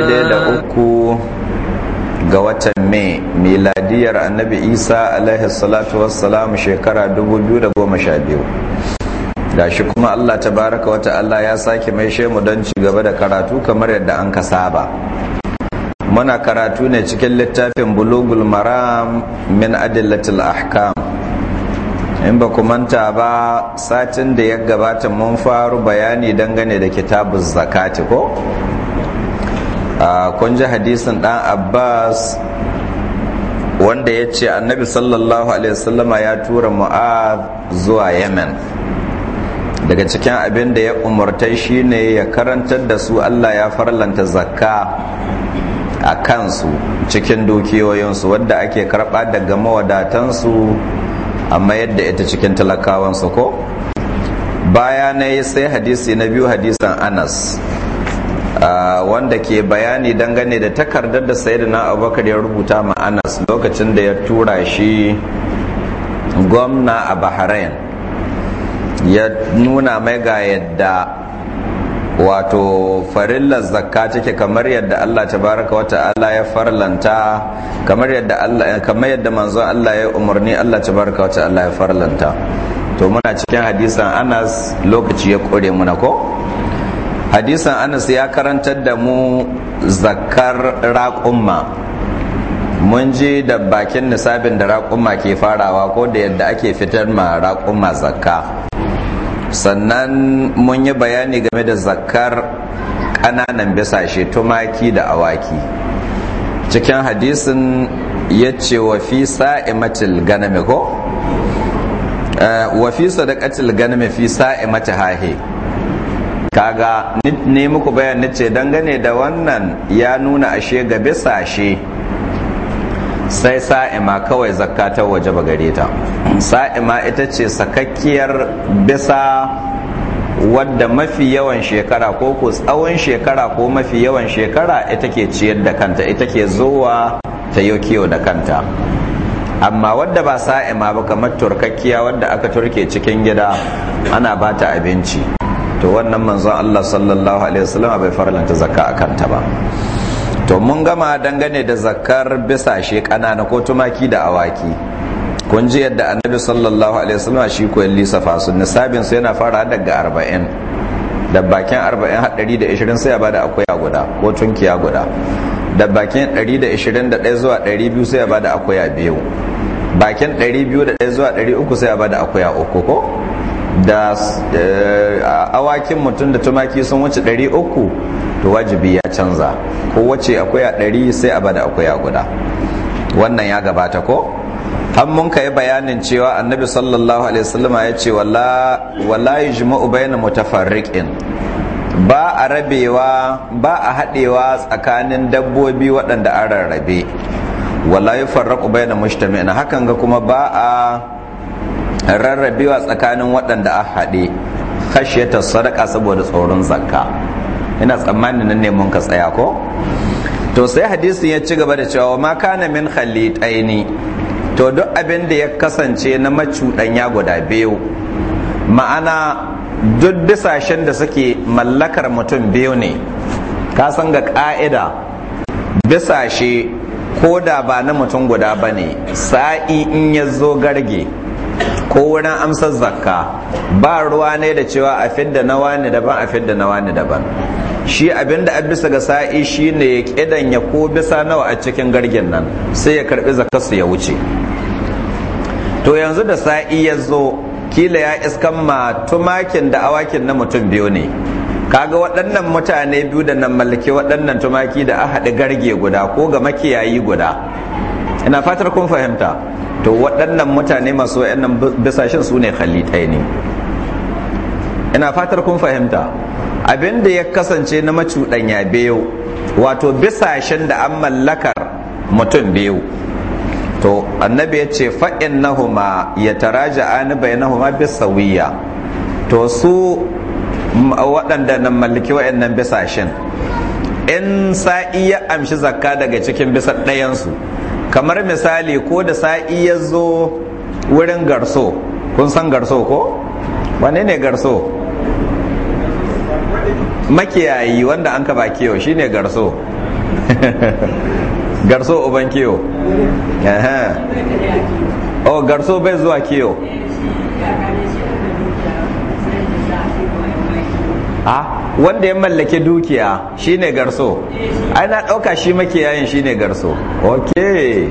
da uku ga watan mai miladiyar annabi isa alaihi salatu wassalam shekara 2012 da shi kuma allah Ta baraka wata allah ya sake mai shemu don ci gaba da karatu kamar yadda an ka saba muna karatu ne cikin littafin bulugul maram min adillatul ahkam in ba ku manta ba satin da ya gabata mun faru bayani dangane da kitabun zakati ko kun ji hadisin dan abbas wanda ya ce annabi sallallahu alaihi wasallama ya tura mu'ad zuwa yemen daga cikin abin da ya umarta shine ya karantar da su allah ya farlanta zakka a kansu cikin dukiyoyinsu wadda ake karba daga mawadatansu mayar da ita cikin talakawansu ko baya na yi sai hadisi na biyu hadisan anas wanda ke bayani dangane da takardar da sayyidina abubakar ya rubuta ma anas lokacin da ya tura shi gwamna a bahrain ya nuna mai ga yadda wato farillar zakka take kamar yadda Allah tabaraka wa ta'ala ya farlanta kamar yadda Allah kamar yadda manzon Allah ya umarni Allah tabaraka wa ta'ala ya farlanta to muna cikin hadisan Anas lokaci ya kore muna ko hadisan anas ya karantar da mu zakar raƙumma mun ji da bakin nisabin da raƙumma ke farawa ko da yadda ake fitar ma raƙumma zakka sannan mun yi bayani game da zakar ƙananan shi tumaki da awaki cikin hadisin ya ce wa fi sa'imatil ganame ko eh, wa fi sadaqatil ganame fi sa'imati hahe kaga ne muku bayan ce dangane da wannan ya nuna ashe ga bisa bisashe sai sa'ima kawai zakka ta waje gare ta sa'ima ita ce sakakkiyar bisa wadda mafi yawan shekara ko ku tsawon shekara ko mafi yawan shekara ita ke ciyar da kanta ita ke zowa ta yau kiyo da kanta amma wadda ba sa'ima ba kamar turkakkiya wadda aka turke cikin gida ana ba ta abinci to wannan manzon Allah sallallahu alaihi wasallam bai farlanta zakka akan ta ba to mun gama dangane da zakar bisashe ƙanana ko tumaki da awaki kun ji yadda annabi sallallahu alaihi wasallam shi ko lissafa su nisabin sai yana fara daga 40 da bakin 40 har 120 sai ya bada akuya guda ko tunkiya guda da bakin 121 zuwa 200 sai ya bada akuya biyu bakin 201 zuwa 300 sai ya bada akuya uku ko da eh, awakin mutum da tumaki sun wuce 300 to wajibi ya canza ko wace akwai a 100 sai a bada a guda wannan ya gabata ko an mun kai bayanin cewa annabi sallallahu alaihi wasallama ya ce wala yujma'u bayna mutafarriqin ba a rabewa ba a haɗewa tsakanin dabbobi waɗanda an rarrabe wala yufarraqu bayna mujtami'in hakan ga kuma ba a rarrabewa tsakanin waɗanda a haɗe kashiyata sadaka saboda tsoron zakka ina tsammanin nan neman ka tsaya ko to sai hadisin ya ci gaba da cewa ma kana min khalitaini to duk abin da ya kasance na macuɗanya guda biyu ma'ana duk bisashen da suke mallakar mutum biyu ne ka san ga ka'ida, bisashe ko da ba na mutum guda ba ne sa'i in ya zo garge ko wurin amsar zakka ba ruwa ne da cewa a fidda na wani daban a fidda na wani daban shi abin a bisa ga sa'i shi ne ya kidan ya ko bisa nawa a cikin gargin nan sai ya karbi zakarsu ya wuce to yanzu da sa'i ya zo kila ya iskan ma tumakin da awakin na mutum biyu ne kaga waɗannan mutane biyu da nan mallake waɗannan tumaki da a haɗi garge guda ko ga makiyayi guda ina fatar kun fahimta to waɗannan mutane masu waɗannan bisashen su ne khalitai ne ina fatar kun fahimta abin da ya kasance na macuɗanya biyu wato bisashen da an mallakar mutum biyu to annabi ya ce fa'in nahuma ya taraja ani bainahuma bisawiya to su waɗanda na mallaki waɗannan bisashen in sa'i ya amshi zakka daga cikin bisa ɗayansu kamar misali ko da sa'i ya zo wurin garso kun san garso ko wane ne garso makiyayi wanda an ka ba kiyo ne garso garso uban kiyo oh garso bai zuwa kiyo a ah? wanda ya mallake dukiya shine garso ai na ɗauka shi makiyayin shine garso ok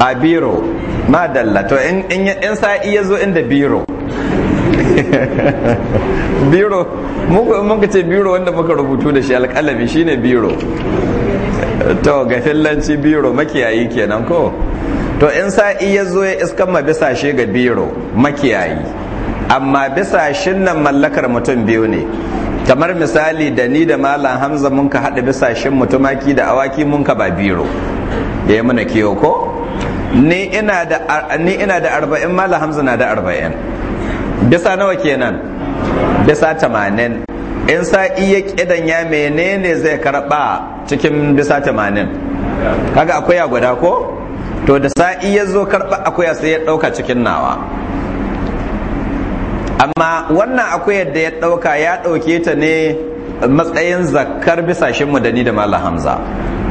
a biro madalla to in sa'i ya zo inda biro biro muka ce biro wanda muka rubutu da shi alƙalami shine biro to ga fillanci biro makiyayi kenan ko to in sa'i ya zo ya iskan ma bisa shi ga biro makiyayi amma bisa shin nan mallakar mutum biyu ne kamar misali da ni da malam hamza mun ka haɗa bisashen shin mutumaki da awaki mun ka ba biro ya yi mana kiyo ko ni ina da arba'in malam hamza na da arba'in bisa nawa kenan bisa tamanin in sa iya kidan ya menene zai karba cikin bisa tamanin kaga akwai ya guda ko to da sa iya zo karba akwai sai ya dauka cikin nawa amma wannan akwai yadda ya ɗauka ya ɗauke ta ne matsayin zakkar shi madani da mallam hamza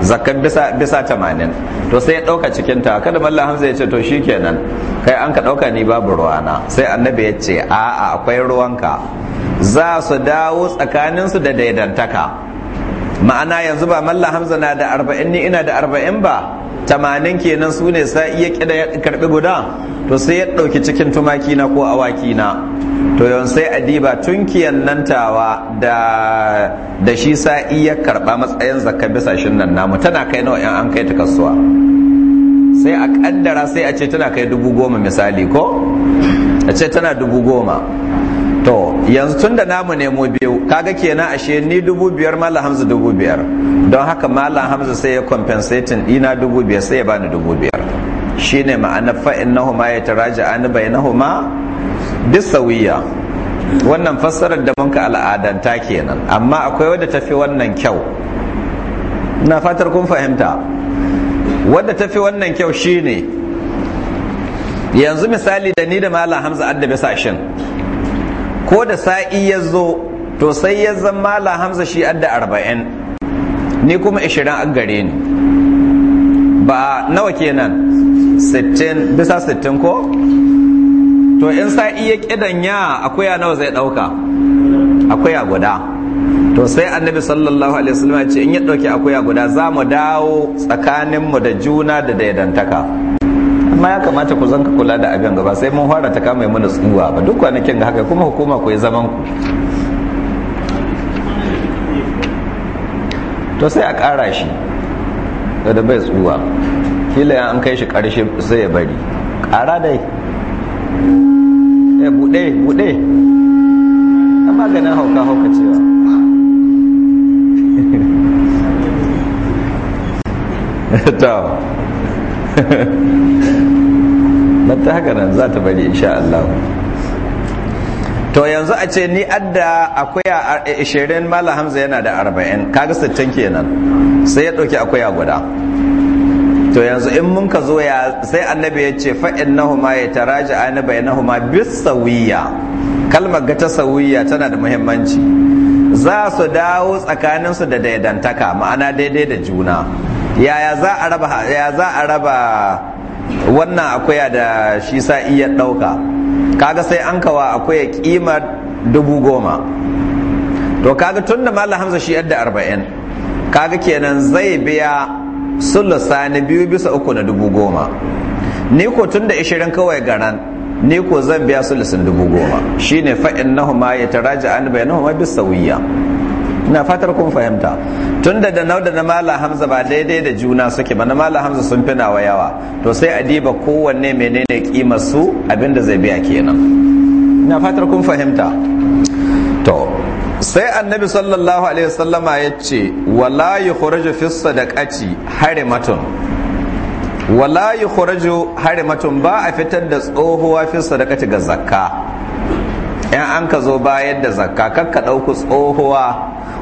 zakkar bisa tamanin to sai ya ɗauka cikin ta kada mallam hamza ya ce to shi kenan kai an ka ɗauka ni babu ruwana sai annabi ya ce a'a akwai ruwanka za su dawo tsakaninsu da daidantaka ma'ana yanzu ba mallam hamza na da arba'in ni ina da arba'in ba tamanin kenan su ne sa iya kida ya karbi guda to sai ya ɗauki cikin tumaki na ko awaki na to yawan sai adiba tunkiyan nan tawa da da shi sa iya karba matsayin zakka bisa shin nan namu tana kai nawa in an kai ta kasuwa sai a kaddara sai a ce tana kai dubu goma misali ko a ce tana dubu goma to yanzu tun da namu ne mu biyu kaga kenan ashe ni dubu biyar mala hamza dubu biyar don haka mala hamza sai ya compensating ina dubu biyar sai ya bani dubu biyar shine ma'ana fa na ma ya taraja an bai na huma bisawiya wannan fassarar da muka al'adanta kenan amma akwai wadda tafi wannan kyau na fatar kun fahimta wadda tafi wannan kyau shine yanzu misali da ni da mala hamza adda sashin. shin ko da sa'i ya zo to sai ya zama la hamza shi adda arba'in ni kuma ishirin an gare ni ba nawa kenan sittin bisa sittin ko to in sa'i ya kidanya akuya nawa zai dauka akuya guda to sai annabi sallallahu alaihi wasallam ce in ya dauki akuya guda za mu dawo tsakaninmu da juna da daidantaka ma ya kamata ku zanka kula da abin gaba sai mun fara ta kama mana tsuwa ba duk kwanakin ga haka kuma hukuma ku yi zaman ku to sai a ƙara shi da bai tsuwa kila ya an kai shi karshe sai ya bari ƙara dai ya eh, buɗe buɗe na maganin hauka hauka cewa to ta haka nan za ta bari insha Allah to yanzu a ce ni adda akuya 20 mala hamza yana da 40 kaga sittin kenan sai ya dauki akuya guda to yanzu in mun ka zo ya sai annabi ya ce fa'in nahuma ya taraji ana bainahuma bis sawiya kalmar ga ta sawiya tana da muhimmanci za su dawo tsakaninsu da daidantaka ma'ana daidai da juna yaya za a raba wannan akwaya da shi sa iya ɗauka kaga sai an kawa akuya kimar dubu goma to kaga tun da malam hamza shi yadda arba'in kaga kenan zai biya sulusa na biyu bisa uku na dubu goma ni ko tun da ishirin kawai garan ni ko zan biya sulusin dubu goma shine fa'in nahuma ya taraja an bayanahuma bisawiyya na fatar kun fahimta tun da da da na mala hamza ba daidai da juna suke ba na mala hamza sun fi nawa yawa to sai a diba kowanne menene kimar su abinda zai biya kenan na fatar kun fahimta to sai annabi sallallahu alaihi wasallama ya ce wala khuraju fi sadaqati harimatun wala yukhraju harimatun ba a fitar da tsohuwa fi sadaqati ga zakka in an ka zo bayar da zakka kakka ɗauku tsohuwa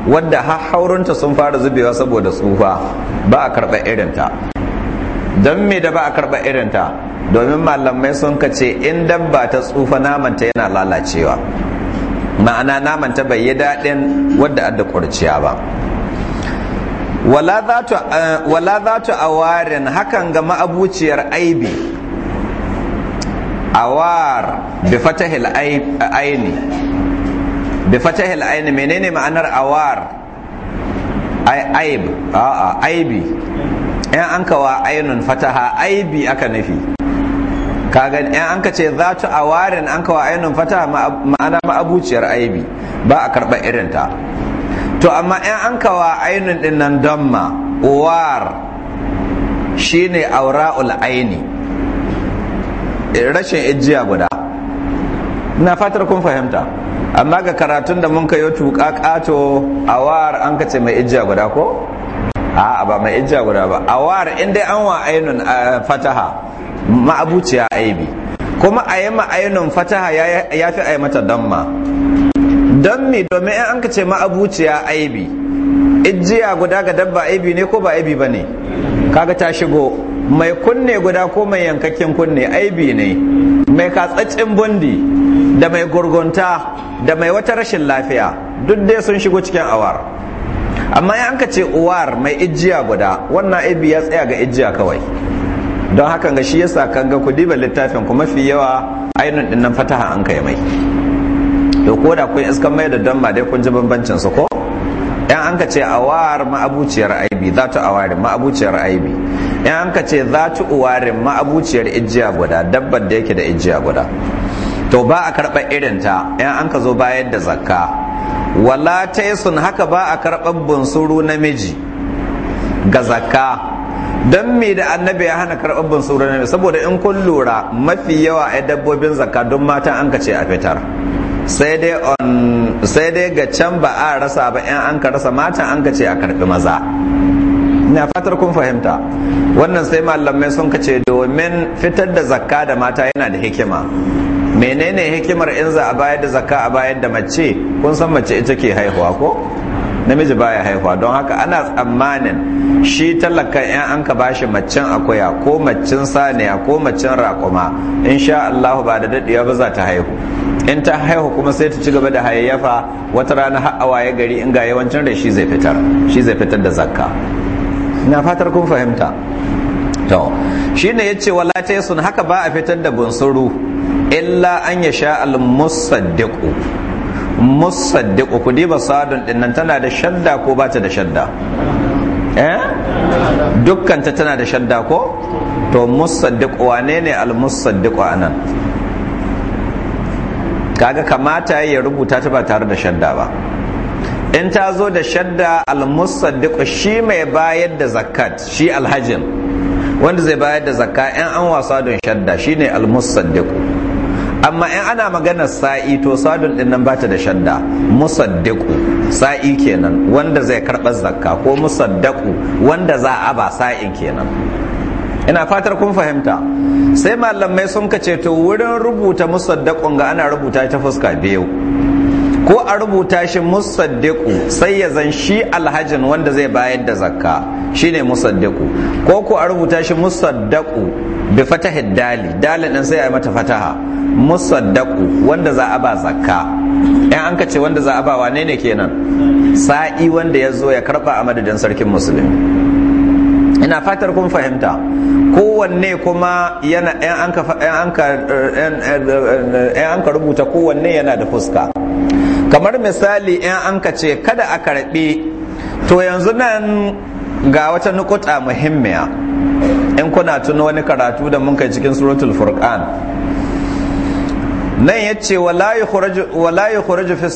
wadda haurunta sun fara zubewa saboda tsufa ba a karɓa irinta don me da ba a karɓa irinta domin malamai sun ka ce in dabba ta tsufa namanta yana lalacewa ma'ana namanta bai yi daɗin wadda adda ƙurciya ba wala za ta eh, awarin hakan ga ma'abuciyar aibi awar bi fatahil aini bi fatahil aini menene ma'anar awar aib a'a aibi yan an kawa ainun fataha aibi aka nafi. kaga yan an ka ce zatu awarin an kawa ainun fataha ma'ana ma'abuciyar aibi ba a irin irinta to amma yan an kawa ainun din nan damma war shine aura'ul aini rashin ijiya guda na fatar kun fahimta amma ga karatun da mun yi tuka kato a war an ce mai ijiya guda ko a'a ba mai ijiya guda ba a war in dai an wa ainun eh, fataha ma'abuciya aibi kuma a yi ma'ainun fataha ya fi a yi mata damma don mi domin in an ce ma'abuciya aibi ijiya guda ga dabba aibi ne ko ba aibi ba ne kaga ta shigo mai kunne guda ko mai yankakken kunne aibi ne mai katsaccen bundi da mai gurgunta da mai wata rashin lafiya duk dai sun shigo cikin awar amma ya ka ce uwar mai ijiya guda wannan aibi ya tsaya ga ijiya kawai don hakan ga shi yasa kan ga kudi diba littafin kuma fi yawa ainihin dinnan fataha an kai mai to ko da kun iskan mai da don dai kun ji bambancin su ko yan anka ka ce awar ma'abuciyar aibi za ta awari ma'abuciyar aibi in an ka ce za ta uwarin ma'abuciyar ijiya guda dabbar da yake da ijiya guda to ba a karɓar irinta in an ka zo bayar da zakka wala ta sun haka ba a karɓar bunsuru namiji ga zakka don mi da annabi ya hana karɓar bunsuru namiji saboda in kun lura mafi yawa a dabbobin zakka don matan an ka ce a fitar sai dai ga can ba a rasa ba in an ka rasa matan an ka ce a karɓi maza ina fatar kun fahimta wannan sai malamai sun kace domin fitar da zakka da mata yana da hikima menene hikimar in za a bayar da zakka a bayar da mace kun san mace ita ke haihuwa ko namiji baya haihuwa don haka ana tsammanin shi talakan yan an ka bashi macen akuya ko macen saniya ko maccen raƙuma insha Allah ba da daɗewa ba za ta haihu in ta haihu kuma sai ta ci gaba da hayayyafa wata rana har awaye gari in ga yawancin da shi zai fitar da zakka ina fatar kun fahimta to shi ya yace wala sun haka ba a fitar da bunsuru illa an sha al musaddiqu musaddiqu ku diba sadun din nan tana da shadda ko ba ta da shadda eh dukkan ta tana da shadda ko to musaddiqu wane ne al musaddiqu anan kaga kamata ya rubuta ta ba tare da shadda ba in ta zo da shadda almusaddiq shi mai bayar da zakat shi alhajin wanda zai bayar da zakka in an wasa don shadda shine almusaddiq amma in ana magana sa'i to sadun din nan bata da shadda musaddiqu sa'i kenan wanda zai karbar zakka ko musaddaqu wanda za a ba sa'i kenan ina fatar kun fahimta sai malamai sun kace to wurin rubuta musaddaqun ga ana rubuta ta fuska biyu ko a rubuta shi musaddiku sai ya zan shi alhajin wanda zai bayar da zakka shine musaddiku ko ko a rubuta shi musaddaku bi fataha dali dalin din sai a mata fataha musaddaku wanda za a ba zakka in an ce wanda za a ba wane ne kenan sa'i wanda ya zo ya karba a madadin sarkin musulmi ina fatar kun fahimta kowanne kuma yana an ka rubuta kowanne yana da fuska kamar misali in an ka ce kada a karɓi to yanzu nan ga wata nukuta muhimmiya in kuna tuna wani karatu da mun kai cikin suratul furqan nan ya ce wala yi khuraju fi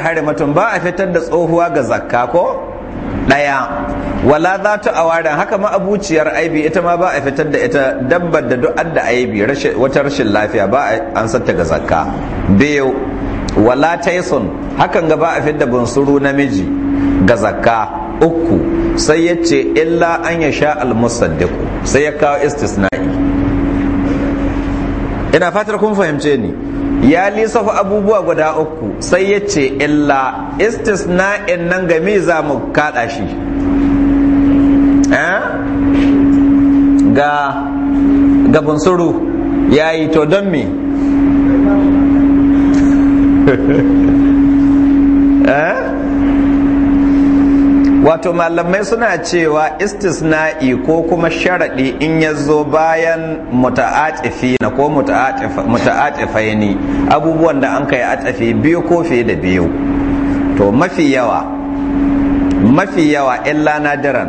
hari mutum ba a fitar da tsohuwa ga zakka ko daya wala za ta awara haka ma abuciyar aibi ita ma ba a fitar da ita dabbar da du'ar da aibi wata rashin lafiya ba a ta ga zakka biyu wala taisun hakan gaba a fidda bunsuru namiji ga zakka uku sai ya ce illa an ya sha almusaddiku sai ya kawo istisna'i ina fatar kun fahimce ni ya lissafa abubuwa guda uku sai ya ce illa istisna'in nan mi za mu kada shi eh? ga ga bunsuru ya yi to don me Eh? wato malamai suna cewa istisna'i ko kuma sharaɗi in ya zo bayan muta'atifi na ko muta'atifai ne abubuwan da an kai atafi biyu ko fiye da biyu to mafi yawa mafi yawa illa nadiran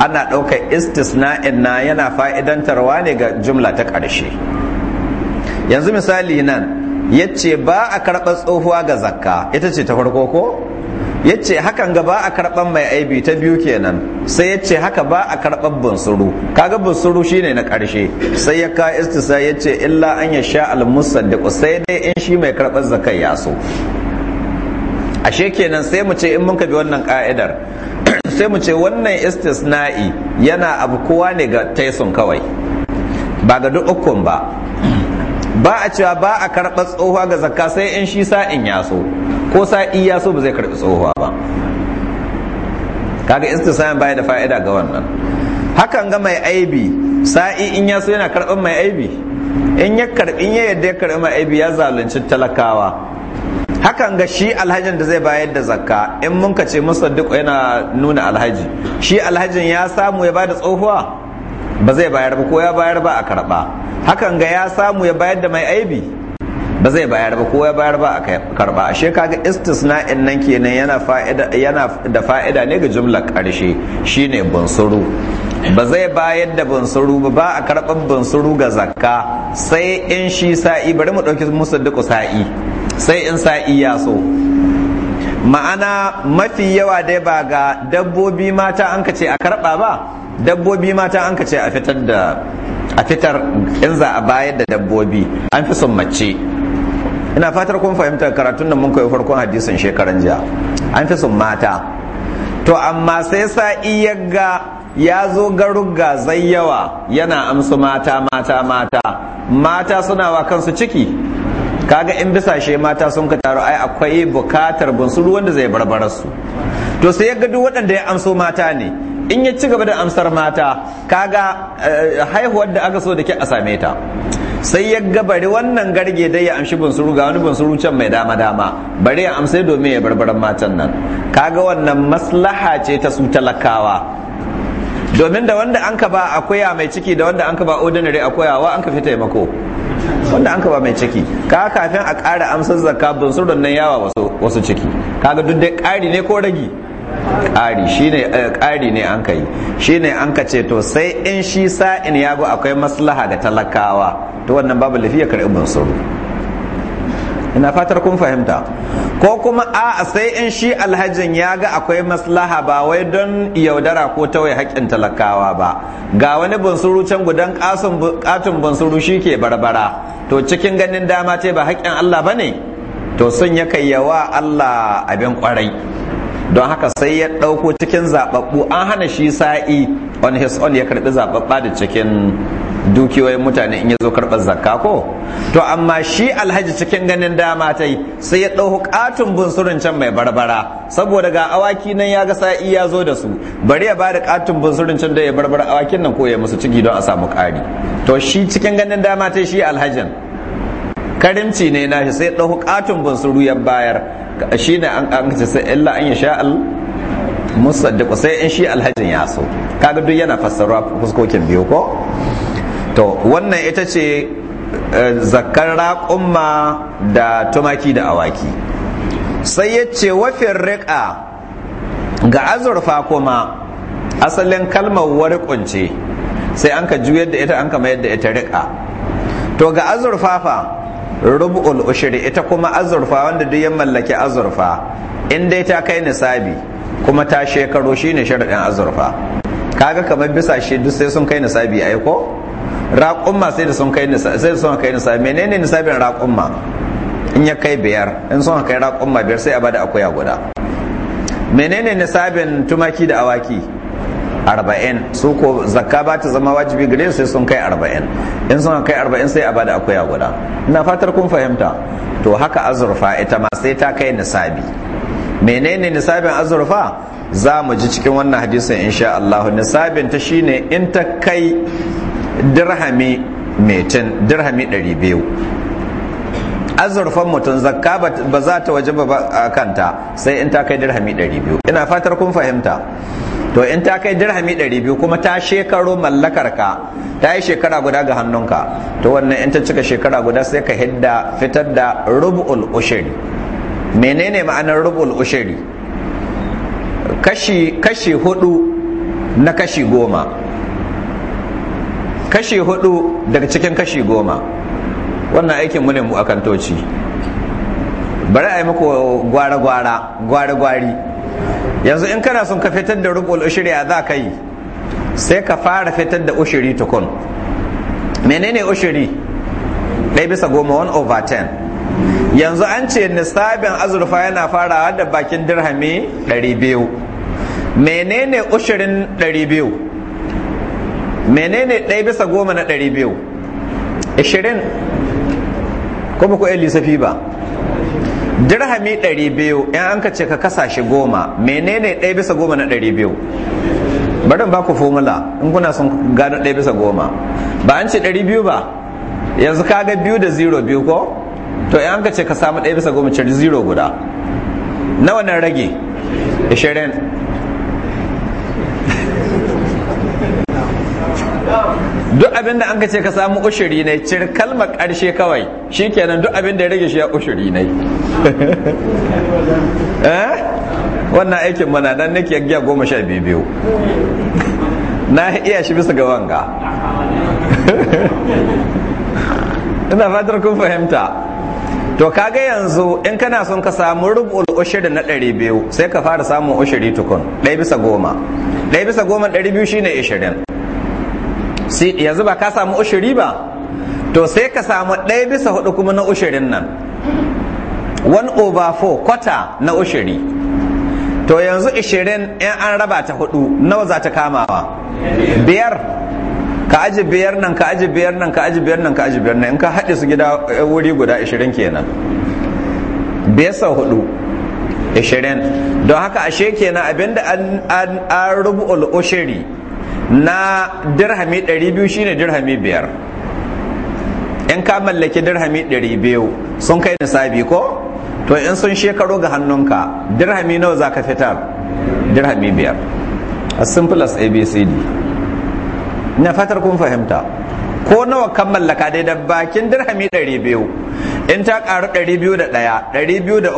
ana ɗaukar istisna'in na yana fa'idantarwa ne ga jumla ta ƙarshe yanzu misali nan Ya ce ba a karɓar tsohuwa ga zakka ita ce ta farko ko Ya ce hakan ga ba a karɓar mai aibi ta biyu kenan sai ya ce haka ba a karɓar bunsuru kaga bunsuru shine na ƙarshe sai ya ka istisa ya ce illa an ya sha al da sai dai in shi mai karɓar zakai ya so ashe kenan sai mu ce in mun bi wannan ka'idar sai mu ce wannan istisna'i yana abu kowa ne ga Taison kawai ba ga duk ukun ba ba a cewa ba a karɓa tsohuwa ga zakka sai in shi sa'in ya so ko sa'i ya so ba zai karɓi tsohuwa ba kaga istisayan baya da fa'ida ga wannan hakan ga mai aibi sa'i in ya so yana karɓar mai aibi in ya karɓi ya yadda ya karɓi mai aibi ya zalunci talakawa hakan ga shi alhajin da zai bayar da zakka in mun ka ce duk yana nuna alhaji shi alhajin ya samu ya bada tsohuwa ba zai bayar ba ko ya bayar ba a karɓa hakan ga ya samu ya bayar da mai aibi ba zai bayar ba ko ya bayar ba a karɓa ashe kaga in nan kenan yana da fa'ida ne ga jumla ƙarshe shine bunsuru ba zai bayar da bunsuru ba ba a karɓar bunsuru ga zakka sai in shi sa'i bari mu ɗauki musaddiku sa'i sai in sa'i ya so ma'ana mafi yawa dai ba ga dabbobi mata an ka ce a karɓa ba dabbobi mata an ka ce a fitar da a fitar in za a bayar da dabbobi an fi son mace ina fatar kun fahimta karatun da mun koyi farkon hadisin shekaran jiya an fi son mata to amma sai sa iya ga ya zo garugga zai yawa yana amsu mata mata mata mata suna wa kansu ciki kaga in bisa shi mata sun ka taru ai akwai bukatar bunsuru wanda zai barbarar su to sai ya ga duk waɗanda ya amso mata ne in ya ci gaba da amsar mata kaga eh, haihuwar da aka so da ke a same ta sai ya ga bari wannan garge dai ya amshi bunsuru ga wani bunsuru can mai dama dama bari ya amsai domin ya barbaran matan nan kaga wannan maslaha ce ta su talakawa domin da wanda an ka ba a koya mai ciki da wanda an ka ba ordinary a wa an ka fi taimako wanda an ka ba mai ciki ka kafin a ƙara amsar zakka bunsurun nan yawa wasu ciki kaga duk dai ƙari ne ko ragi ƙari ne eh, ƙari ne an kai ne an kace ce to sai in shi sa'in ya go akwai maslaha ga talakawa to wannan babu lafiya karɓi mansur ina fatar kun fahimta ko kuma a sai in shi alhajin ya ga akwai maslaha ba wai don yaudara ko tawai haƙƙin talakawa ba ga wani bunsuru can gudan katon bunsuru shi ke barbara to cikin ganin dama ce ba haƙƙin allah ba ne to sun ya kai yawa allah abin ƙwarai don haka sai ya ɗauko cikin zaɓaɓɓu an hana shi sa'i on his own ya karɓi zaɓaɓɓa da cikin dukiyoyin mutane in ya zo karɓar zakka ko to amma shi alhaji cikin ganin dama ta yi sai ya ɗauko katon bunsurin can mai barbara saboda ga awaki nan ya ga sa'i ya zo da su bari ya bada katun bunsurin can da ya barbara awakin nan ko ya musu ciki don a samu ƙari to shi cikin ganin dama ta shi alhajin karimci ne na shi sai ɗauku katun bunsuru ya bayar shi ne an amince sai illa an yasha al ku sai in shi alhajin ya so kaga duk yana fassara fuskokin biyu ko to wannan ita ce eh, zakar raƙumma da tumaki da awaki sai ya ce wafin riƙa ga azurfa kuma asalin kalmar warƙun ce sai an ka juyar da ita an ka mayar da ita riƙa to ga azurfafa rub'ul ushri ita kuma azurfa wanda duk ya mallaki azurfa in dai ta kai nisabi kuma ta shekaro shine sharadin azurfa kaga kamar bisa shi duk sai sun kai nisabi ai ko raƙumma sai da sun kai nisabi sai sun kai nisabi menene nisabin raƙumma in ya kai biyar in sun kai raƙumma biyar sai a bada akuya guda menene nisabin tumaki da awaki arba'in su ko zakka ba ta zama wajibi gare sai sun kai arba'in in sun kai arba'in sai a bada akuya guda ina fatar kun fahimta to haka azurfa ita ma sai ta kai nisabi menene nisabin azurfa za mu ji cikin wannan hadisin insha Allah nisabin ta shine in ta kai dirhami metin dirhami 200 azurfan mutum zakka ba za ta waje ba kanta sai in ta kai dirhami 200 ina fatar kun fahimta to in ta kai dirhami ɗari biyu kuma ta shekaro mallakar ka ta yi shekara guda ga hannunka to wannan in ta cika shekara guda sai ka hidda fitar da rub'ul ushiri. menene ma'anar rub'ul ushiri? kashi kashi hudu na kashi goma kashi hudu daga cikin kashi goma wannan aikin mu ne mu akantoci bari a yi muku gwara-gwara gwari-gwari yanzu in kana son ka fitar da rubul ushuri a za ka yi sai ka fara fitar da ushiri tukun menene ushiri ɗaya bisa goma one over ten yanzu an ce nisabin azurfa yana farawa da bakin dirhami 200 biyu menene ushirin 200 biyu menene ɗaya bisa goma na 200 biyu ashirin kuma ku lissafi ba dirhami 200 in an ka ce ka kasa shi goma menene ɗaya bisa goma na 200 bari ba ku formula in kuna son gano ɗaya bisa goma ba an ce 200 ba yanzu ka ga biyu da zero biyu ko to in an ka ce ka samu ɗaya bisa goma cire zero guda nawa wannan rage 20 duk abin da an ka ce ka samu ushiri ne cir kalmar ƙarshe kawai shikenan duk abin da ya rage shi ya ushiri ne eh? wannan aikin mana dan nake giya goma sha biyu biyu na iya shi bisa ga wanga ina fatar kun fahimta to kaga yanzu in kana son ka samu rubul ushiri na ɗari biyu sai ka fara samun ushiri tukun ɗaya bisa goma ɗaya bisa goma ɗari biyu shine ishirin yanzu ba ka samu ushiri ba to sai ka samu ɗaya bisa hudu kuma na ushirin nan one over four kwata na ushiri to yanzu ishirin in an raba ta hudu nawa za ta kamawa biyar ka aji biyar nan ka aji biyar nan ka aji biyar nan ka aji biyar nan in ka haɗe su gida eh, wuri guda ishirin kenan biyar sau hudu ishirin don haka ashe kenan abinda an rubu ushiri na dirhami 200 shine dirhami biyar in ka mallaki dirhami 200 sun kai nisabi ko to in sun shekaro ga hannunka dirhami nawa za ka fitar dirhami biyar as simple as abcd na fatar kun fahimta ko nawa kan mallaka dai da bakin dirhami 200 in ta karu 201 203 205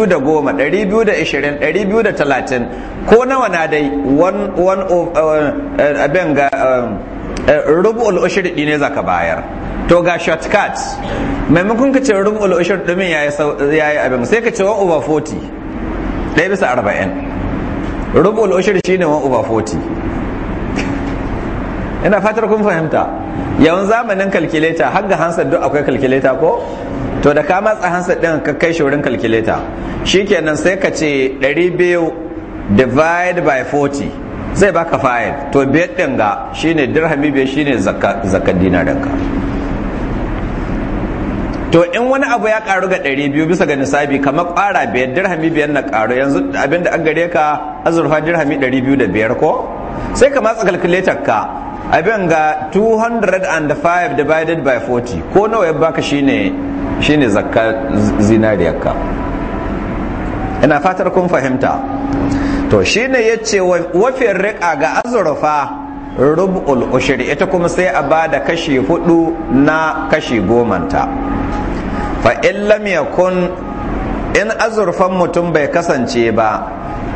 220 ko nawa na dai one uh, uh, abin ga um, uh, rubu'ul ushriɗi ne za ka bayar to ga shortcut maimakon ka ce rubu'ul ushriɗi ɗumin yi abin sai ka ce 1 over 40 ɗaya bisa 40 rubu rubu'ul shi ne 1 over 40 ina fatar kun fahimta yawan zamanin kalkileta har ga hansar duk akwai kalkileta ko to da ka matsa hansar ɗin ka kai shi wurin kalkuleta shikenan sai ka ce 200 divide by 40 zai baka 5 to biyar ɗin ga shine dirhami biyar shine zakar dinarinka to in wani abu ya karu ga 200 bisa ga nisabi kamar kwara biyar dirhami biyar na karu yanzu abinda an gare ka azurfa dirhami da biyar ko sai ka matsa kalkuletar ka abin ga 205 divided by 40 ko nawa ya baka shine shine zakka ka ina fatar kun fahimta to shine yace wafin riƙa ga azurfa rub'ul ushri ita kuma sai a bada kashi hudu na kashi gomanta fa in lam yakun in azurfan mutum bai kasance ba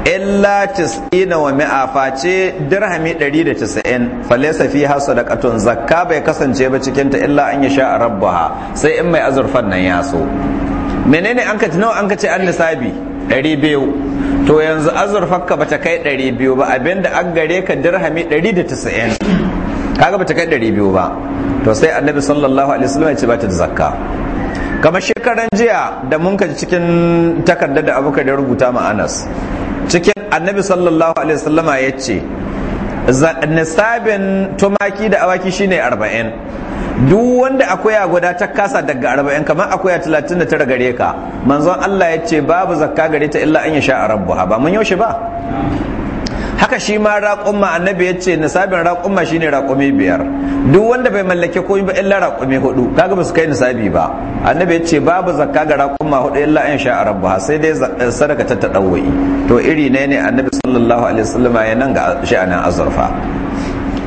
illa tis'ina wa mi'a face dirhami 190 falaysa da sadaqatun zakka bai kasance ba cikin ta illa an yasha rabbaha sai in mai azurfan nan ya so menene an ka nawa an ka ce an nisabi 200 to yanzu azurfarka bata kai 200 ba abinda an gare ka dirhami 190 kaga bata kai 200 ba to sai annabi sallallahu alaihi wasallam ya ce bata da zakka kamar shekaran jiya da mun cikin takarda da abuka da rubuta ma anas cikin annabi sallallahu alaihi wasallama ya ce nisabin tumaki da awaki shine arba'in duk wanda akwai guda ta kasa daga arba'in kamar akuya talatin da tara gare ka manzon Allah ya ce babu zakka gare ta illa an ya sha a rabbuha ba mun yaushe ba haka shi ma raƙumma annabi ya ce nisabin raƙumma shine raƙumi biyar duk wanda bai mallake komai ba illa raƙumi hudu kaga basu kai nisabi ba annabi ya ce babu zakka ga raƙumma hudu illa in sha ha sai dai eh, sadaka ta tadawwi to iri ne ne annabi sallallahu alaihi wasallama ya nan ga sha'anin azurfa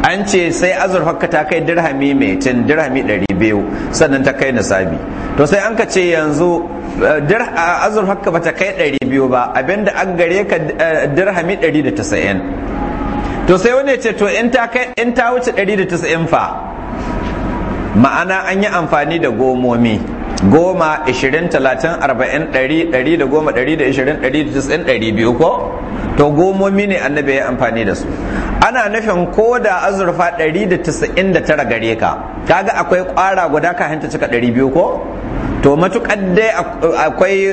an ce sai ka ta kai dirhami mai tin dirhami 200 sannan ta kai nisabi to sai an ka ce yanzu azur haka bata kai ɗari biyu ba abinda an gare ka eh, dirhami tasa'in to sai wani ce to in ta kai in ta wuce tasa'in fa ma'ana an yi amfani da gomomi goma ishirin talatin arba'in ɗari ɗari da goma ɗari da ishirin ɗari da tasa'in ɗari biyu ko to gomomi ne annabi ya amfani da su ana nufin ko da azurfa ɗari da tasa'in da tara gare ka kaga akwai ƙwara guda ka hanta cika ɗari biyu ko to matukar dai akwai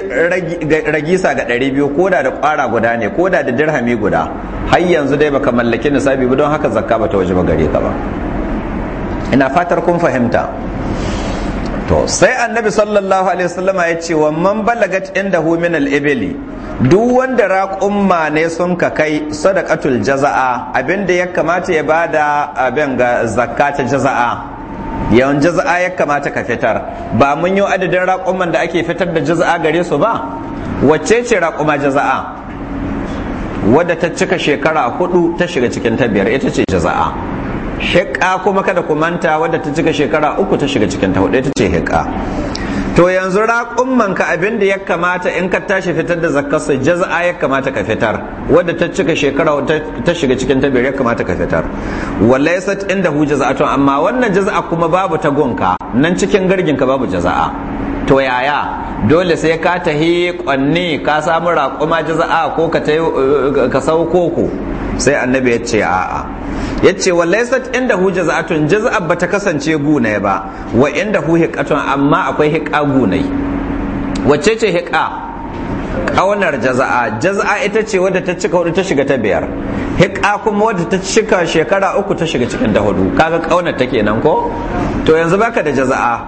ragisa ga ɗari biyu koda da ƙwara guda ne koda da dirhami guda har yanzu dai baka mallaki nisabi ba don haka zakka ba ta waje gare ka ba ina fatar kun fahimta to sai annabi sallallahu alaihi wasallama ya ce wa man balagat hu min al-ibli duk wanda raƙumma ne sun ka kai sadaqatul jaza'a abinda ya kamata ya bada abin ga zakka ta jaza'a yawan jaza'a ya kamata ka fitar ba mun yi adadin raƙuman da ake fitar da jaza'a gare su ba wacce ce raƙuma jaza'a wadda ta cika shekara hudu ta shiga cikin ta biyar ita ce jaza'a hiƙa kuma kada ku manta wadda ta cika shekara uku ta shiga cikin ta hudu ita ce hiƙa to yanzu raƙumman ka abin da ya kamata in ka tashi fitar da zakarsa jaza'a ya kamata ka fitar wadda ta cika shekara ta shiga cikin tabiri ya kamata ka fitar sat inda hu jaza'atun amma wannan jaza'a kuma babu ta gonka nan cikin gargin ka babu jaza'a to yaya dole sai ka tahi kwanne ka samu raƙuma jaza'a ko ka eh, sauko ko sai annabi ya ce a'a Ya ce wa laisat inda hu jaza'atun jaza'a bata kasance gunai ba wa inda hu hiqatun amma akwai hiqa gunai wacce ce hiqa kaunar jaza'a jaza'a ita ce wadda ta cika hudu ta shiga ta biyar hiqa kuma wadda ta cika shekara uku ta shiga cikin da hudu kaga kaunar take nan ko to yanzu baka da jaza'a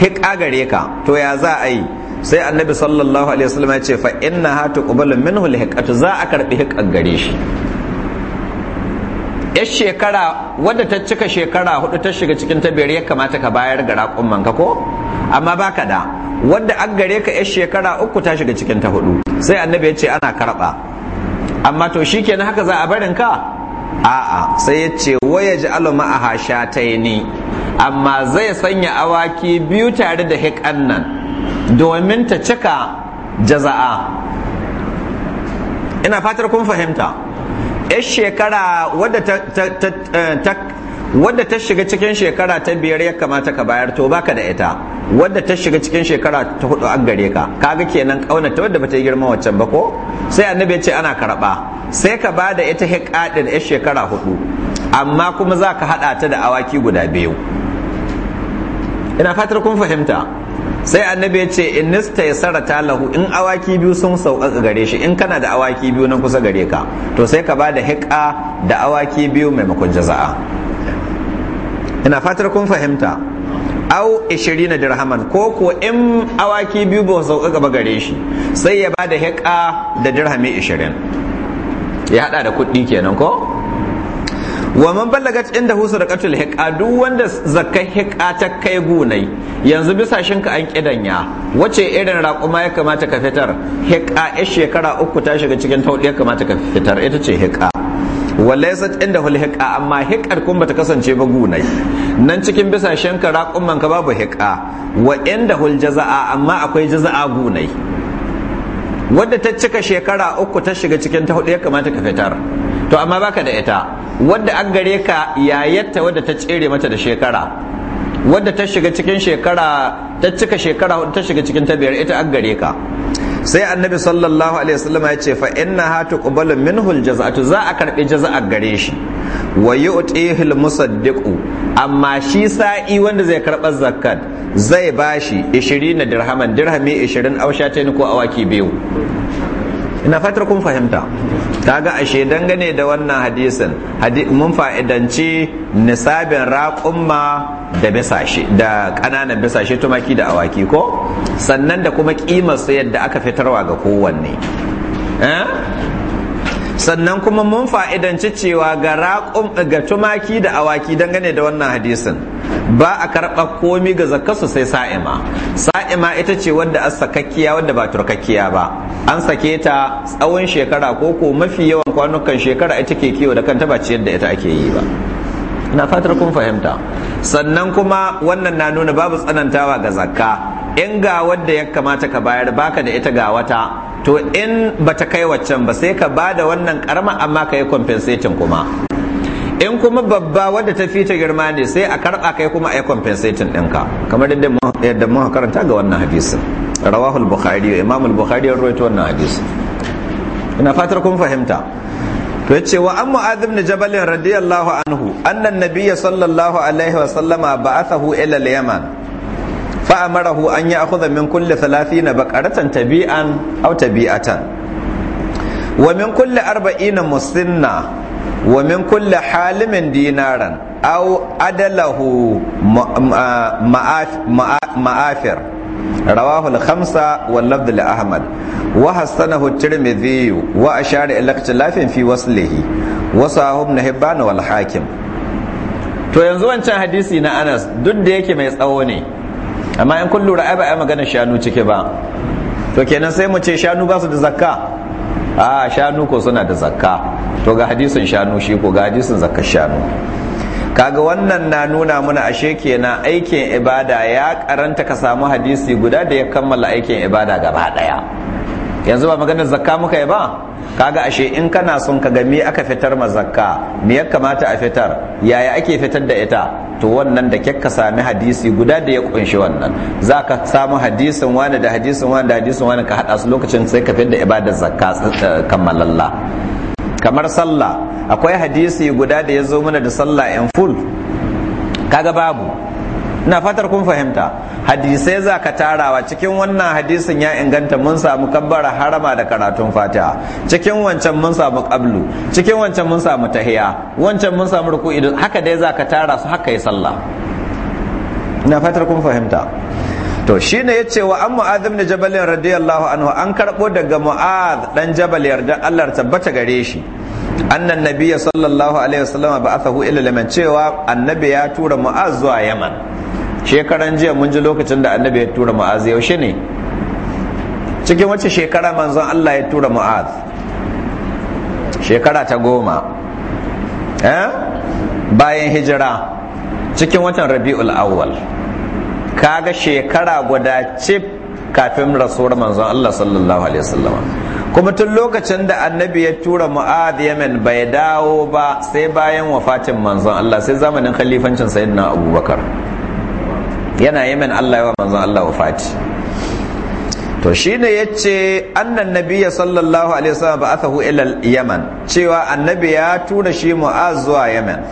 hiqa gare ka to ya za a yi sai annabi sallallahu alaihi wasallam ya ce fa inna ha tuqbalu minhu alhiqatu za a karbi hiqan gare shi yar shekara wadda ta cika shekara hudu ta shiga cikin tabiyar ya kamata ka bayar ga raƙumman ka ko amma baka da wadda an gare ka yar shekara uku ta shiga cikin ta hudu sai annabi ya ce ana karɓa amma to shi shikenan haka za a barin ka a'a sai ya ce waya ji a ta yi ni. amma zai sanya awaki biyu tare da hikan nan domin ta cika jaza'a ina fatar kun fahimta Yan shekara wadda ta shiga cikin shekara ta biyar ya kamata ka bayar to baka da ita wadda ta shiga cikin shekara ta hudu an gare ka kaga kenan ta wadda bata yi girma waccan ba ko sai annabi ya ce ana karba sai ka ba da ita hikadin 'yar shekara hudu amma kuma za ka hada ta da awaki guda biyu ina fatar kun fahimta sai annabi ya ce in nista ya sarata lahu in awaki biyu sun sauƙaƙa gare shi in kana da awaki biyu na kusa gare ka to sai ka ba da hiƙa da awaki biyu maimakon jaza'a ina fatar kun fahimta au 20 na dirhaman ko ko in awaki biyu ba sauƙaƙa ba gare shi sai ya ba da hiƙa da dirhami 20 ya hada da kuɗi kenan ko wa man ballagat inda hu sadaqatul hiƙa duk wanda zakai hiƙa ta kai gunai yanzu bisa shinka an kidanya wace irin raƙuma ya kamata ka fitar hiƙa ya shekara uku ta shiga cikin tauɗi ya kamata ka fitar ita ce hiqa wallaysat inda hul hiƙa amma hiƙar kun bata kasance ba gunai nan cikin bisa shinka raƙuman ka babu hiƙa wa inda hul jaza'a amma akwai jaza'a gunai wadda ta cika shekara uku ta shiga cikin tauɗi ya kamata ka fitar to amma baka da ita wadda an gare ka yayatta wadda ta tsere mata da shekara wadda ta shiga cikin shekara ta cika shekara ta shiga cikin ta biyar ita an gare ka sai annabi sallallahu alaihi wasallam ya ce fa inna ha tuqbalu minhu aljaza'atu za a karbi jaza'a gare shi wa yu'tihil musaddiqu amma shi sa'i wanda zai karba zakat zai bashi 20 dirhaman dirhami 20 aushatain ko awaki biyu ina fatar kun fahimta kaga ashe dangane da wannan hadisin mun fa'idanci nisabin raƙumma da bisashe da ƙananan bisashe tumaki da awaki ko sannan da kuma ƙimar yadda aka fitarwa ga kowanne eh? sannan kuma mun fa'idanci cewa ga tumaki da awaki dangane da wannan hadisin ba a karɓa komi ga zakasu sai sa'ima sa'ima ita ce wadda a sakakkiya wadda ba turkakkiya ba an sake ta tsawon shekara ko ko mafi yawan kwanukan shekara ita ke kiwo da kanta ba ciyar da ita ake yi ba na fatar kun fahimta sannan kuma wannan na nuna babu tsanantawa ga zakka in ga wadda ya kamata ka bayar baka da ita ga wata to in bata kai waccan ba sai ka ba da wannan karama amma ka yi compensating kuma in kuma babba wadda ta fi ta girma ne sai a karba kai kuma a yi compensating ɗinka kamar yadda muka karanta ga wannan hadisin Rawahul bukhari Imamul bukhari ya rawaito wannan hadisi ina fatar kun fahimta to yace wa an mu'adh ibn jabal radiyallahu anhu anna an-nabiy sallallahu alaihi wa sallama ba'athahu ila al-yaman fa amarahu an ya akhudha min kulli 30 baqaratan tabi'an aw tabi'atan wa min kulli 40 musinna wa min kulli halimin dinaran aw adalahu ma'afir rawahu al-khamsa wal lafd li ahmad wa hasanahu at-tirmidhi wa ashara ila ikhtilafin fi waslihi wa sahib wal hakim to yanzu wancan hadisi na Anas duk da yake mai tsawo ne amma in kun lura ai ba ai magana shanu cike ba to kenan sai mu ce shanu ba su da zakka a shanu ko suna da zakka to ga hadisin shanu shi ko ga hadisin zakka shanu kaga wannan na nuna mana ashe kenan aikin ibada ya karanta ka samu hadisi guda da ya kammala aikin ibada gaba daya yanzu ba maganar zakka muka yi ba kaga ashe in kana son ka ga me aka fitar ma zakka me ya kamata a fitar yaya ake fitar da ita to wannan da kyakka sami hadisi guda da ya kunshi wannan za ka samu hadisin wani da hadisin wani da hadisin wani ka haɗa su lokacin sai ka fitar da ibadar zakka eh, kammalalla kamar sallah akwai hadisi guda da ya zo mana da sallah in full kaga babu na fatar kun fahimta hadisai za ka tarawa cikin wannan hadisin ya inganta mun samu kabbara harama da karatun fatiha cikin wancan mun samu qablu cikin wancan mun samu tahiya wancan mun samu idan haka dai za ka tara su haka yi sallah na fatar kun fahimta to shine yace wa an mu'adh ibn jabal radiyallahu anhu an karbo daga mu'adh dan jabal yarda Allah tabbata gare shi annan nabiya sallallahu alaihi wasallam ba'athahu ila liman cewa annabi ya tura mu'az zuwa yaman shekaran jiya mun ji lokacin da annabi ya tura mu'az yaushe ne cikin wacce shekara manzon Allah ya tura mu'az shekara ta goma eh bayan hijira cikin watan rabi'ul awwal kaga shekara guda cif kafin rasuwar manzon Allah sallallahu alaihi wasallama kuma tun lokacin da annabi ya tura mu'ad yamen bai dawo ba sai bayan wafatin manzon Allah sai zamanin khalifancin sayyidina abubakar yana yamen Allah ya wa manzon Allah wafati to shine yace annan nabiyya sallallahu alaihi wasallam ba'athahu ila yaman cewa annabi ya tura shi mu'ad zuwa yaman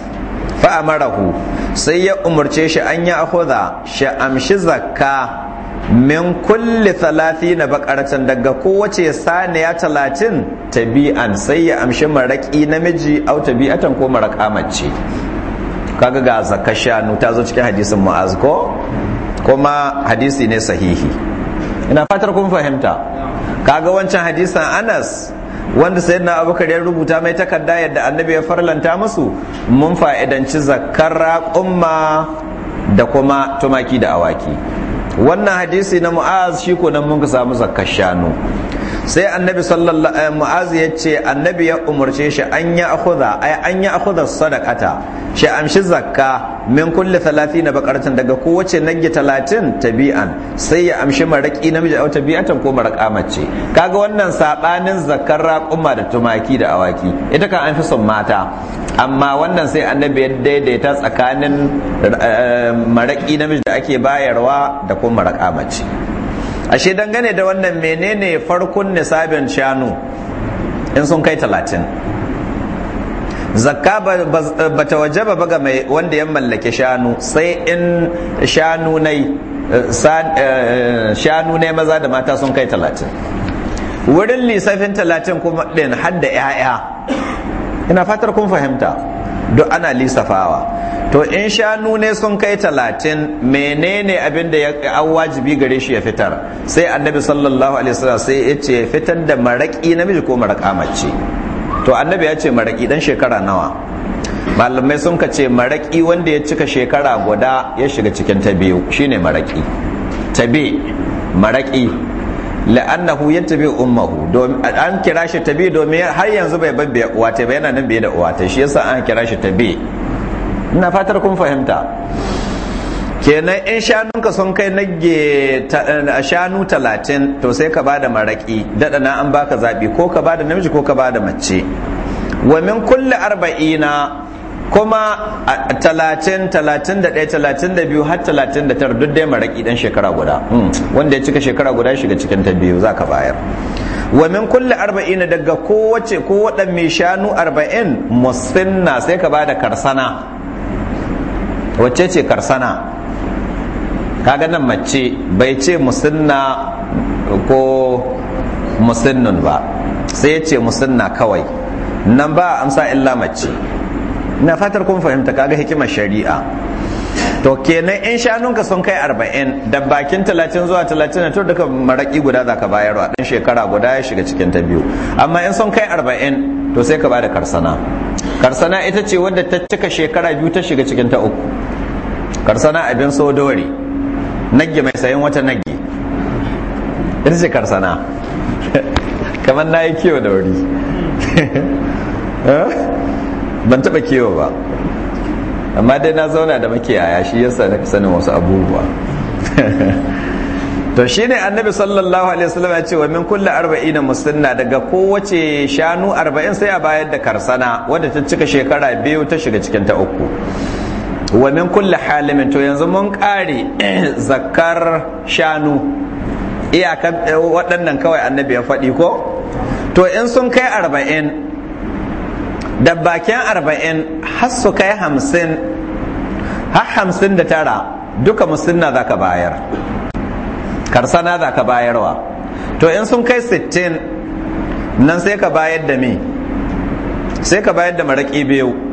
fa amarahu sai ya umurce shi an ya akhudha shi amshi zakka min kulli talafi na bakaratan daga kowace saniya talatin tabi'an sai ya amshi maraƙi namiji au tabi'atan ko maraƙa mace kaga ga zakka shanu ta zo cikin hadisin mu'az ko kuma hadisi ne sahihi ina fatar kun fahimta kaga wancan hadisin anas wanda sayyidina abubakar ya rubuta mai takarda yadda annabi ya farlanta musu mun fa'idanci zakkar raƙumma da kuma tumaki da awaki wannan hadisi na mu'az shi ko nan mun ka samu zakkar shanu sai annabi sallallahu eh, mu'az ya ce annabi ya umarce shi an ya akhuza ai an ya akhuza sadaqata shi amshi zakka min kulli 30 baqaratin daga kowace nage 30 tabi'an sai ya amshi maraki namiji a tabi'atan ko maraka mace kaga wannan sabanin zakkar raƙuma da tumaki da awaki ita kan an fi son mata amma wannan sai annabi ya daidaita tsakanin eh, maraki namiji da ake bayarwa da ko maraka mace ashe dangane da wannan menene farkon nisabin shanu in sun kai talatin zakka ba ta wajaba ba ga mai wanda ya mallake shanu sai in shanu eh, shanu ne maza da mata sun kai talatin wurin lissafin talatin kuma ɗin hadda 'ya'ya ina fatar kun fahimta duk ana lissafawa to in shanu ne sun kai talatin menene abin da ya wajibi gare shi ya fitar sai annabi sallallahu alaihi wasallam sai ya ce fitar da maraki namiji ko maraka mace to annabi ya ce maraki dan shekara nawa malamai sun ka ce maraki wanda ya cika shekara guda ya shiga cikin ta biyu shine maraki bi maraki la'annahu yattabi ummahu an kira shi tabi domin har yanzu bai babbe uwa ta yana nan bai da uwa ta shi yasa an kira shi tabi ina fatar kun fahimta kenan in shanunka sun kai nage eh, shanu talatin to sai ka bada maraƙi daɗa na an baka zaɓi ko ka bada namiji ko ka bada mace wa min kulli arba'ina kuma talatin talatin da ɗaya talatin da biyu har talatin da tara duk dai maraƙi ɗan shekara guda hmm, wanda ya cika shekara guda shiga cikin ta biyu za ka bayar wa min kulli arba'ina daga kowace ko waɗanne shanu arba'in musinna sai ka bada karsana wacce ce karsana kaga nan mace bai ce musinna ko musinnun ba sai ya ce musinna kawai nan ba a amsa illa mace na fatar kun fahimta kaga hikimar shari'a to kenan in shanunka sun kai arba'in da bakin talatin zuwa talatin to duka maraƙi guda za ka bayarwa ɗan shekara guda ya shiga cikin ta biyu amma in sun kai arba'in to sai ka bada karsana karsana ita ce wadda ta cika shekara biyu ta shiga cikin ta uku karsana abin so dore nagge mai sayan wata nagge ita ce karsana kamar na yi kiwo da wuri ban taba kiwo ba amma dai na zauna da makiyaya shi yasa na sanin wasu abubuwa to shi ne annabi sallallahu alaihi wasallam ya ce wa min kulli arba'ina musanna daga kowace shanu arba'in sai a bayar da karsana wadda ta cika shekara biyu ta shiga cikin ta uku wa min kulli halimin to yanzu mun kare eh, zakar shanu iyakan eh, waɗannan kawai annabi ya faɗi ko to in sun kai arba'in da bakin arba'in har su kai hamsin har hamsin da tara duka musulna za ka bayar karsana za ka bayarwa to in sun kai sittin nan sai ka bayar da me sai ka bayar da maraƙi biyu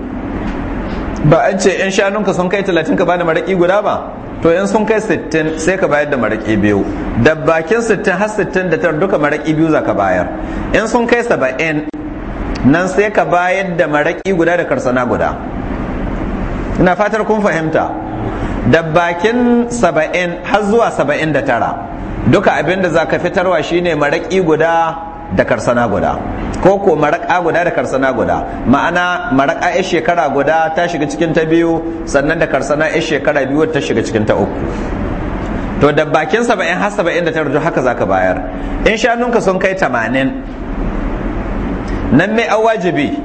ba an ce yan shanunka sun kai talatin ka bani maraƙi guda ba to in sun kai sittin sai ka bayar da maraƙi biyu da bakin sittin har sittin da tar duka maraƙi biyu za ka bayar in sun kai saba'in nan sai ka bayar da maraƙi guda da karsana guda ina fatar kun fahimta da bakin saba'in har zuwa saba'in da tara duka abin da za ka fitarwa shine maraƙi guda da karsana guda ko ko maraƙa guda da karsana guda ma'ana maraƙa ya shekara guda ta shiga cikin ta biyu sannan da karsana ya shekara biyu ta shiga cikin ta uku to da bakin saba'in har saba'in da ta rujo haka zaka bayar in shanunka sun kai tamanin nan mai awajibi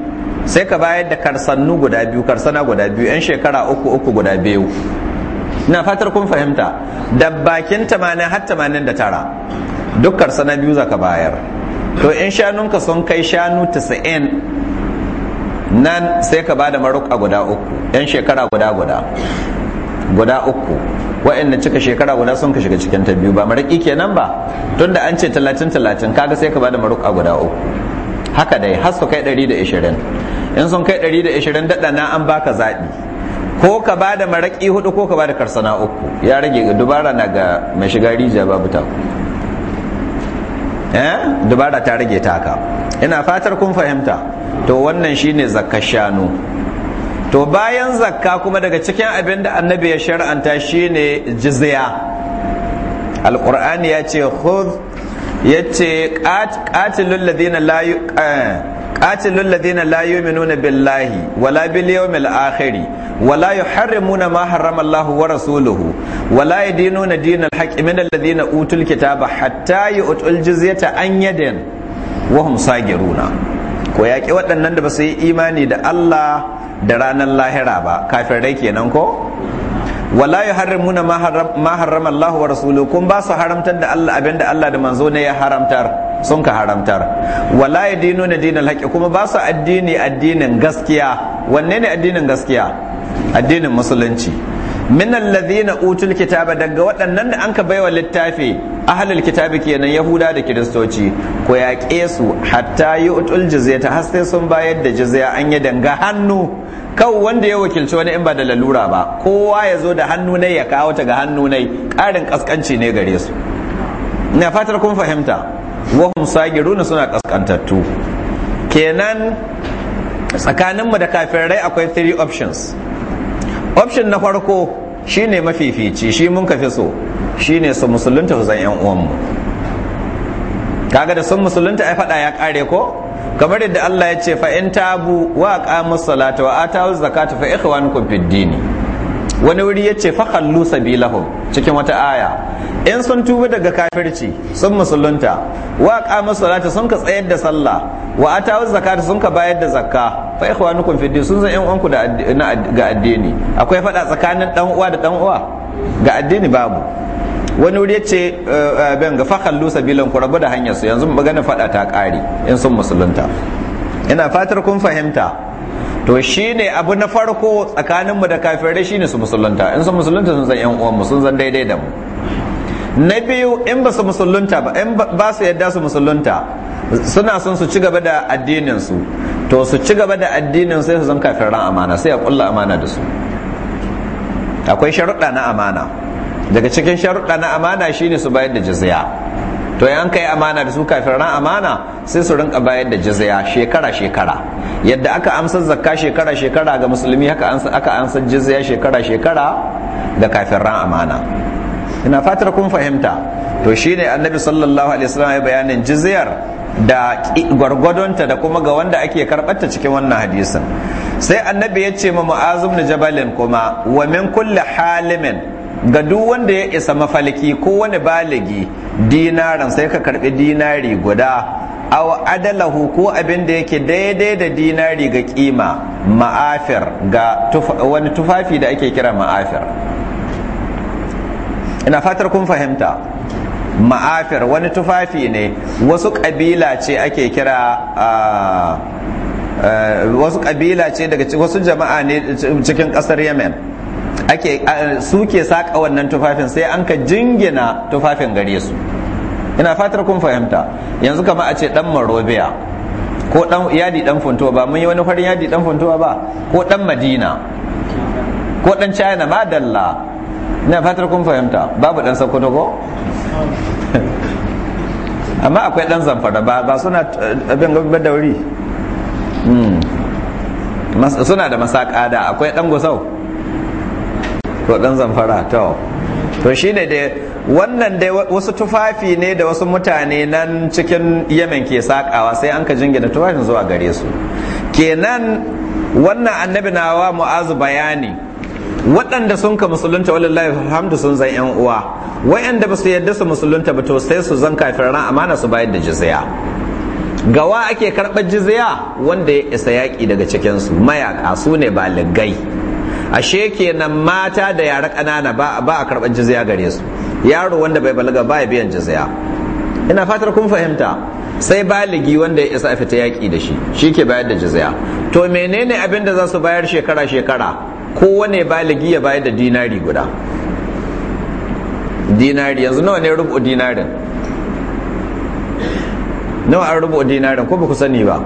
sai ka bayar da karsannu guda biyu karsana guda biyu 'yan shekara uku uku guda biyu na fatar kun fahimta da bakin 80 har 89 duk karsana biyu za ka bayar to in shanunka sun kai shanu 90 nan sai ka ba da maruƙa guda uku yan shekara guda guda guda uku waɗanda cika shekara guda sun ka shiga cikin ta biyu ba maraƙi kenan ba Tun da an ce 30-30 kaga sai ka ba da maruƙa guda uku haka dai har su kai 120 in sun kai 120 daɗa na an baka zaɓi ko ka ba da maraƙi hudu ko ka ba da karsana uku ya rage dubara na ga mai shiga rijiya babu taku eh dubara ta rage taka ina fatar kun fahimta to wannan shine zakka shanu to bayan zakka kuma daga cikin abin da annabi ya shar'anta shine jizya alqur'ani ya ce khudh yace qatilul ladina la eh, qatilul ladina la yu'minuna billahi wala bil yawmil akhir wala yuharrimuna ma harrama Allah wa rasuluhu wala yadinuna dinal haqqi min alladhina utul kitaba hatta yu'tul jizyata an yadin wa hum sagiruna ko yaƙi waɗannan da ba su yi imani da Allah da ranar lahira ba kafin kenan ko wala yuharrimuna ma harrama wa rasuluhu kun ba su haramtar da abinda Allah da manzo ne ya haramtar sun ka haramtar wala ya dino na dinin haƙƙi kuma ba su addini addinin gaskiya wanne ne addinin gaskiya addinin musulunci min alladhina utul kitaba daga waɗannan da anka baiwa littafi ahlul kitabi kenan yahuda da kiristoci ko yaƙe su hatta yu'tul jizya har sai sun bayar da jizya an yi danga hannu kawai wanda ya wakilci wani in ba da lalura ba kowa ya zo da hannu ya kawo ta ga hannu nai ƙarin kaskanci ne gare su ina fatar kun fahimta wahum sagiruna suna kaskantattu kenan tsakaninmu da kafirai akwai three options option na farko shine mafifici shi mun kafi so shine su musulunta su zan yan uwanmu kaga da sun musulunta ai fada ya kare ko kamar yadda Allah ya ce fa in tabu wa aqamus salata wa atawuz zakata fa ikhwanukum fid dini wani wuri ya ce fahallu sabilahum cikin wata aya in sun tuba daga kafirci sun musulunta wa qama salata sun ka tsayar da sallah wa atawu zakata sun ka bayar da zakka fa ikhwanukum fi sun zan yan uwanku ga addini akwai fada tsakanin dan uwa da dan uwa ga addini babu wani wuri ya ce eh, eh, ben ga fahallu sabilan ku rabu da hanyar su yanzu maganar fada ta kare in sun musulunta ina fatar kun fahimta to shine abu na farko tsakaninmu da kafirai shine su musulunta in su musulunta sun san yan uwanmu sun san daidai da mu na biyu in ba su musulunta ba in ba su yadda su musulunta suna son su ci gaba da addinin su to su ci gaba da addinin sai su zan kafiran amana sai a kulla amana da su akwai sharuɗa na amana daga cikin sharuɗa na amana shine su bayar da jizya to yan kai amana da su kafin ran amana sai su rinka bayar da jizya shekara shekara yadda aka amsa zakka shekara shekara ga musulmi haka aka amsa jizya shekara shekara ga kafiran amana ina fatar kun fahimta to shine annabi sallallahu alaihi wasallam ya bayanin jizyar da gwargwadonta da kuma ga wanda ake karɓarta cikin wannan hadisin sai annabi ya ce ma mu'azum na jabalin kuma wa min kulli halimin ga duk wanda ya isa mafalki ko wani baligi dinaran sai ka karbi dinari guda aw adalahu ko abin da yake daidai da dinari ga kima ma'afir ga wani tufafi da ake kira ma'afir ina fatar kun fahimta ma'afir wani tufafi ne wasu kabila ce ake kira wasu kabila ce daga wasu jama'a ne cikin kasar yemen ake suke saka wannan tufafin sai an ka jingina tufafin gare su ina fatar kun fahimta yanzu kama a ce dan marobiya ko dan yadi dan funtuwa ba mun yi wani farin yadi dan funtuwa ba ko dan madina ko dan china ma dalla ina fatar kun fahimta babu dan sokoto ko amma akwai dan zamfara ba ba suna abin gaba dauri hmm. suna da masaka da akwai dan gusau to dan zamfara to to shine da wannan dai wasu tufafi ne da wasu mutane nan cikin yemen ke sakawa sai an ka jingina tufafin zuwa gare su kenan wannan annabi nawa mu'azu bayani waɗanda sun ka musulunta walillahi alhamdu sun zan yan uwa wayanda ba su yadda su musulunta ba to sai su zan kafin ran amana su bayar da jizya gawa ake karɓar jizya wanda ya isa yaƙi daga cikinsu mayaƙa su ne baligai ashe kenan mata da yara ƙanana ba a karɓar jizya gare su yaro wanda bai balaga ba ya biyan jizya ina fatar kun fahimta sai baligi wanda ya isa fita yaƙi da shi shi ke bayar da jizya to menene abin da za su bayar shekara shekara kowane baligi ya bayar da dinari guda dinari yanzu nawa ne rubu dinarin nawa an rubu dinarin ko ba ku sani ba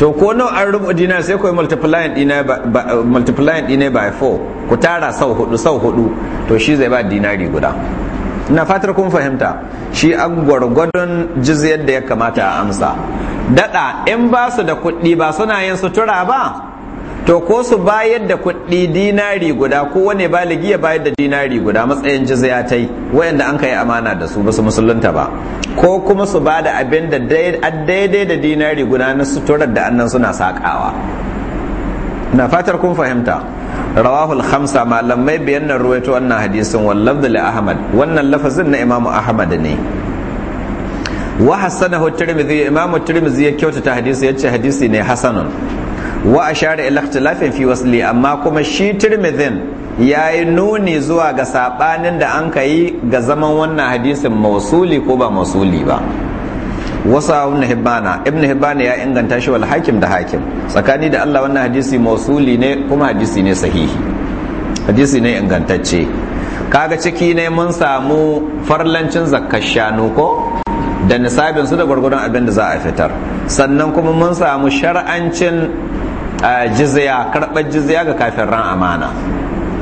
to ko nawa an rubu dina sai ku multiplying dina multiplying dina by 4 ku tara sau hudu sau hudu to shi zai ba dinari guda na fatar kun fahimta shi an gwargwadon jizyar da ya kamata a amsa dada in ba su da kuɗi ba suna yin sutura ba to ko su bayar da kuɗi dinari guda ko wane baligi ya bayar da dinari guda matsayin jizya ta yi wayanda an kai amana da su ba su musulunta ba ko kuma su ba da abin da daidai da dinari guda na suturar da annan suna sakawa na fatar kun fahimta rawahul khamsa malamai biyan nan ruwaito wannan hadisin wallaf da ahmad wannan lafazin na imamu ahmad ne wa hassanahu tirmidhi imamu tirmidhi ya kyautata hadisi yace hadisi ne hasanun wa ashara ila ikhtilafin fi wasli amma kuma shi ya yi nuni zuwa ga saɓanin da an kai ga zaman wannan hadisin mausuli ko ba mausuli ba wasa ibn hibbana ibn hibbana ya inganta shi wal hakim da hakim tsakani da Allah wannan hadisi mausuli ne kuma hadisi ne sahihi hadisi ne ingantacce kaga ciki ne mun samu farlancin zakkar shanu ko da nisabin da gwargwadon abin da za a fitar sannan kuma mun samu shar'ancin jizya karɓar jizya ga kafin ran amana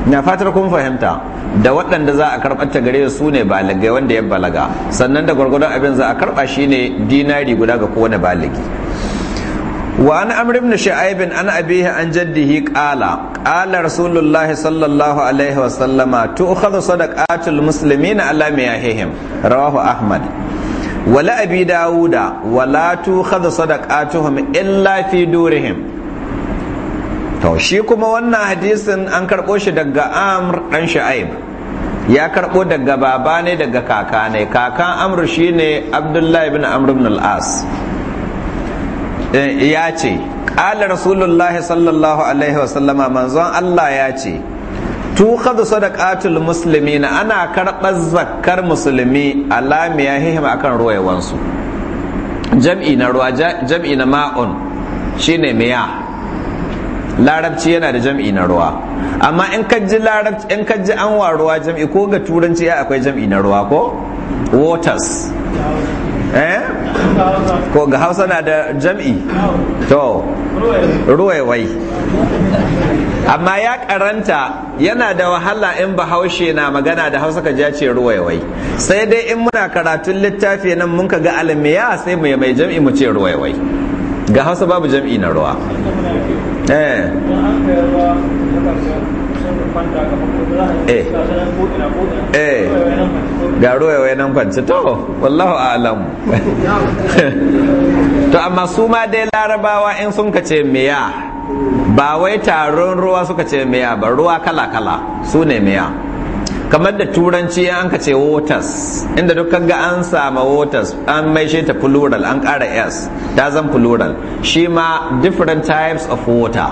na fatar kun fahimta da waɗanda za a karɓar ta gare su ne balagai wanda ya balaga sannan da gwargwadon abin za a karɓa shi ne dinari guda ga kowane baligi wa an amr ibn sha'ib an abihi an jaddihi qala qala rasulullahi sallallahu alaihi wa sallama tu'khadhu sadaqatul muslimina ala miyahihim rawahu ahmad wala abi dauda wala tu'khadhu sadaqatuhum illa fi durihim to shi kuma wannan hadisin an karɓo shi daga amr ɗan sha'aib ya karɓo daga baba ne daga kaka ne kakan amr shi ne abdullahi bin amr ibn al-as eh, ya ce ƙala rasulullah sallallahu alaihi wasallama manzon allah ya ce tukhadhu sadaqatul muslimina ana karɓar zakkar musulmi alamiya hihim akan ruwayawansu jam'i na ruwa jam'i na ma'un shine miya larabci yana da jam'i na ruwa amma in ka ji larabci in ka ji an ruwa jam'i ko ga turanci ya akwai jam'i na ruwa ko waters eh ko ga hausa na da jam'i to ruwaiwai amma ya karanta yana da wahala in bahaushe na magana da hausa ka ce ruwaiwai sai dai in muna karatun littafi nan mun ka ga almiya sai mu mai jam'i mu ce ruwaiwai ga hausa babu jam'i na ruwa eh eh ga nan kwanci to wallahu alam to amma su ma dai larabawa in sun kace miya ba wai taron ruwa suka ce miya ba ruwa kala-kala su ne miya kamar da turanci an ka ce waters inda duk ga an sama waters an maishe ta plural an ƙara s ta zan plural shi ma different types of water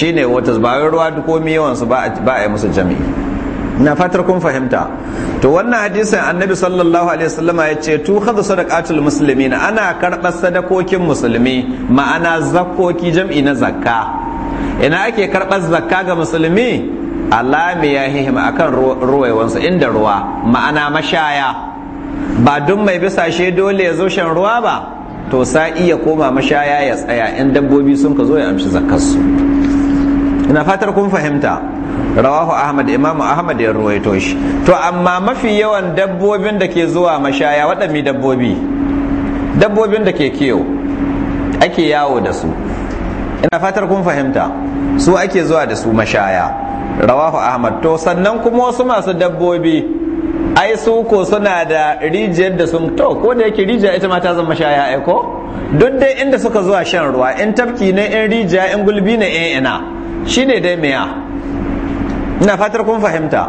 shi ne waters ba wai ruwa duk komi yawansu ba a yi musu jami'i na fatar kun fahimta to wannan hadisin annabi sallallahu alaihi wasallam ya ce tu khadhu sadaqatul muslimin ana karɓar sadakokin musulmi ma'ana zakoki jam'i na zakka ina ake karɓar zakka ga musulmi alami ya hihim akan ruwaiwansu inda ruwa ma'ana mashaya ba duk mai bisa shi dole ya zo shan ruwa ba to sa iya koma mashaya ya tsaya in dabbobi sun ka zo ya amshi su ina fatar kun fahimta rawahu ahmad imam ahmad ya ruwaito shi to amma mafi yawan dabbobin da ke zuwa mashaya waɗanne dabbobi dabbobin da ke kiyo ake yawo da su ina fatar kun fahimta su ake zuwa da su mashaya rawahu ahmad to sannan kuma wasu masu dabbobi ai su ko suna da rijiyar da sun to ko da yake rijiya ita ma ta zama sha ya aiko duk dai inda suka zuwa shan ruwa in tafki ne in rijiya in gulbi ne in ina shine dai meya ina fatar kun fahimta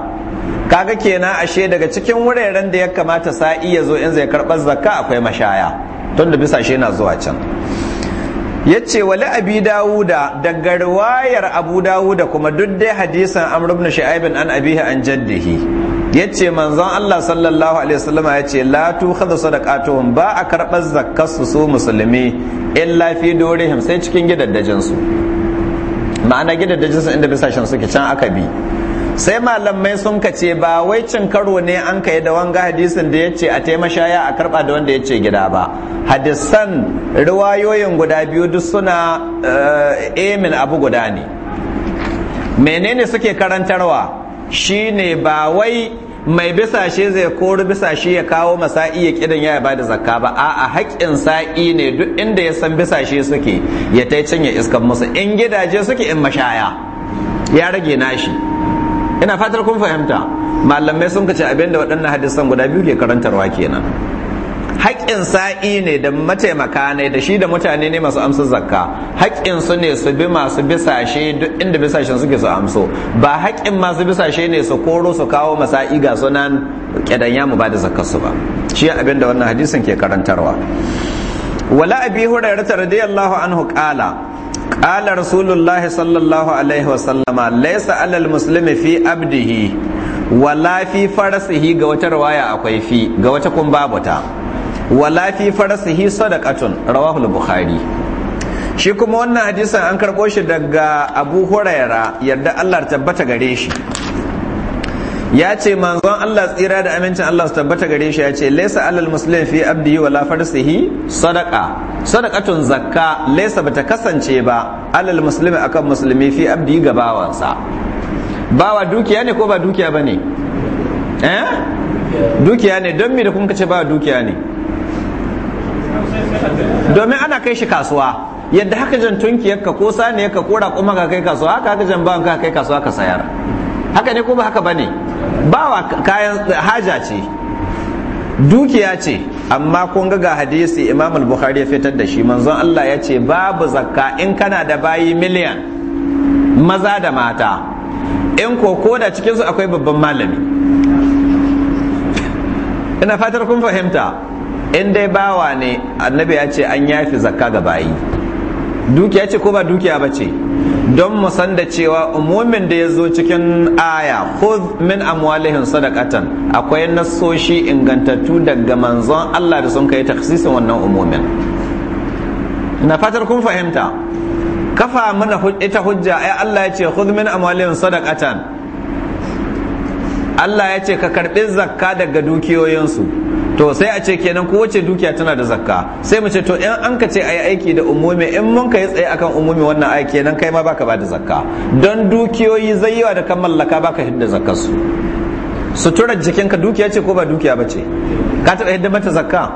kaga kenan ashe daga cikin wuraren da ya kamata sa'i ya zo in zai karɓar zakka akwai mashaya tunda bisa shi na zuwa can yace wali abi dawuda daga riwayar abu dawuda kuma duk dai hadisan amr ibn shu'aib an abihi an jaddihi yace manzon Allah sallallahu alaihi wasallam ce la tu khadha sadaqatuhum ba a karbar zakkasu su musulmi illa fi dorihim sai cikin gidaddajin su ma'ana gidaddajin su inda bisashen suke can aka bi sai malamai sun ka ce ba wai cin karo ne an kai da wanga hadisin da yace a taima shaya a karba da wanda ya ce gida ba hadisan riwayoyin guda biyu duk suna emin eh, eh, abu guda ne menene suke karantarwa shine ba wai mai bisashe zai kori bisashe ya kawo masa'i ya kidan ya ba da zakka ba a'a haƙƙin sa'i ne duk inda ya san bisashe suke ya tai cinye iskan musu in gidaje suke in mashaya ya rage nashi ina fatar kun fahimta malamai sun kace abin da waɗannan hadisan guda biyu ke karantarwa kenan haƙƙin sa'i ne da mataimaka ne da shi da mutane ne masu amsa zakka haƙƙin su ne su bi masu bisashe duk inda bisashen suke su amso ba haƙƙin masu bisashe ne su koro su kawo masa'i ga sunan kedanya mu ba da zakkar su ba shi abin da wannan hadisin ke karantarwa wala abi hurairah radiyallahu anhu qala Ƙalar rasulullahi sallallahu alaihi wasallama laysa alal muslimi fi abdihi wala fi farasihi ga wata rawaya akwai fi ga wata kun babu ta wala fi farasihi sadaqatun rawahu bukhari shi kuma wannan hadisin an karɓo shi daga abu huraira yadda Allah tabbata gare shi ya ce manzon Allah tsira da amincin Allah su tabbata gare shi ya ce laisa alal muslim fi abdihi wala farsihi sadaqa sadaqatun zakka laisa bata kasance ba alal muslimi akan musulmi fi abdihi gabawansa bawa dukiya ne ko ba dukiya bane eh dukiya ne don me da kun ce ba dukiya ne domin ana kai shi kasuwa yadda haka jan tunkiyarka ko saniyarka ko raƙuma ka kai kasuwa haka haka jan bawanka ka kai kasuwa ka sayar haka ne ko ba haka bane bawa kayan haja ce dukiya ce amma kun ga hadisi imam al-bukhari ya fitar da shi manzon Allah ya ce babu zakka in kana da bayi miliyan maza da mata in ko da cikinsu akwai babban malami ina fatar kun fahimta in dai bawa ne annabi ya ce an yafi zakka ga bayi dukiya ce ko ba dukiya bace. don mu san da cewa umumin da ya zo cikin aya ko min amwalihin sadaqatan akwai nasoshi, ingantattu daga manzon Allah da sun kai taksisin wannan umumin na fatar kun fahimta kafa mana ita hujja ai Allah ya ce khudh min amwalihin sadaqatan Allah ya ce ka karbi zakka daga dukiyoyinsu to sai a ce kenan ko wace dukiya tana da zakka sai mu ce to in an ka ce ayi aiki da umumi in mun ka yi tsaye akan umumi wannan ayi kenan kai ma baka ba da zakka don dukiyoyi zai yiwa da kan mallaka baka hidda zakkar su suturar jikinka dukiya ce ko ba dukiya ba ce ka taɓa hidda mata zakka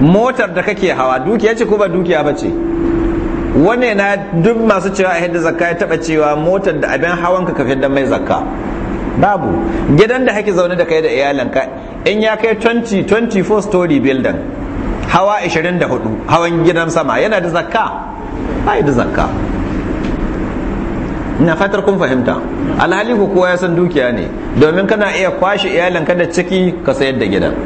motar da kake hawa dukiya ce ko ba dukiya ba ce wane na duk masu cewa a hidda zakka ya taɓa cewa motar da abin hawanka ka hidda mai zakka babu gidan da hake zaune da kai da iyalanka in ya kai 20 24 story building hawa 24 hawan gidan sama yana da zakka ai da zakka ina fatar kun fahimta alhali ku kowa ya san dukiya ne domin kana iya kwashe iyalinka da ciki ka sayar da gidan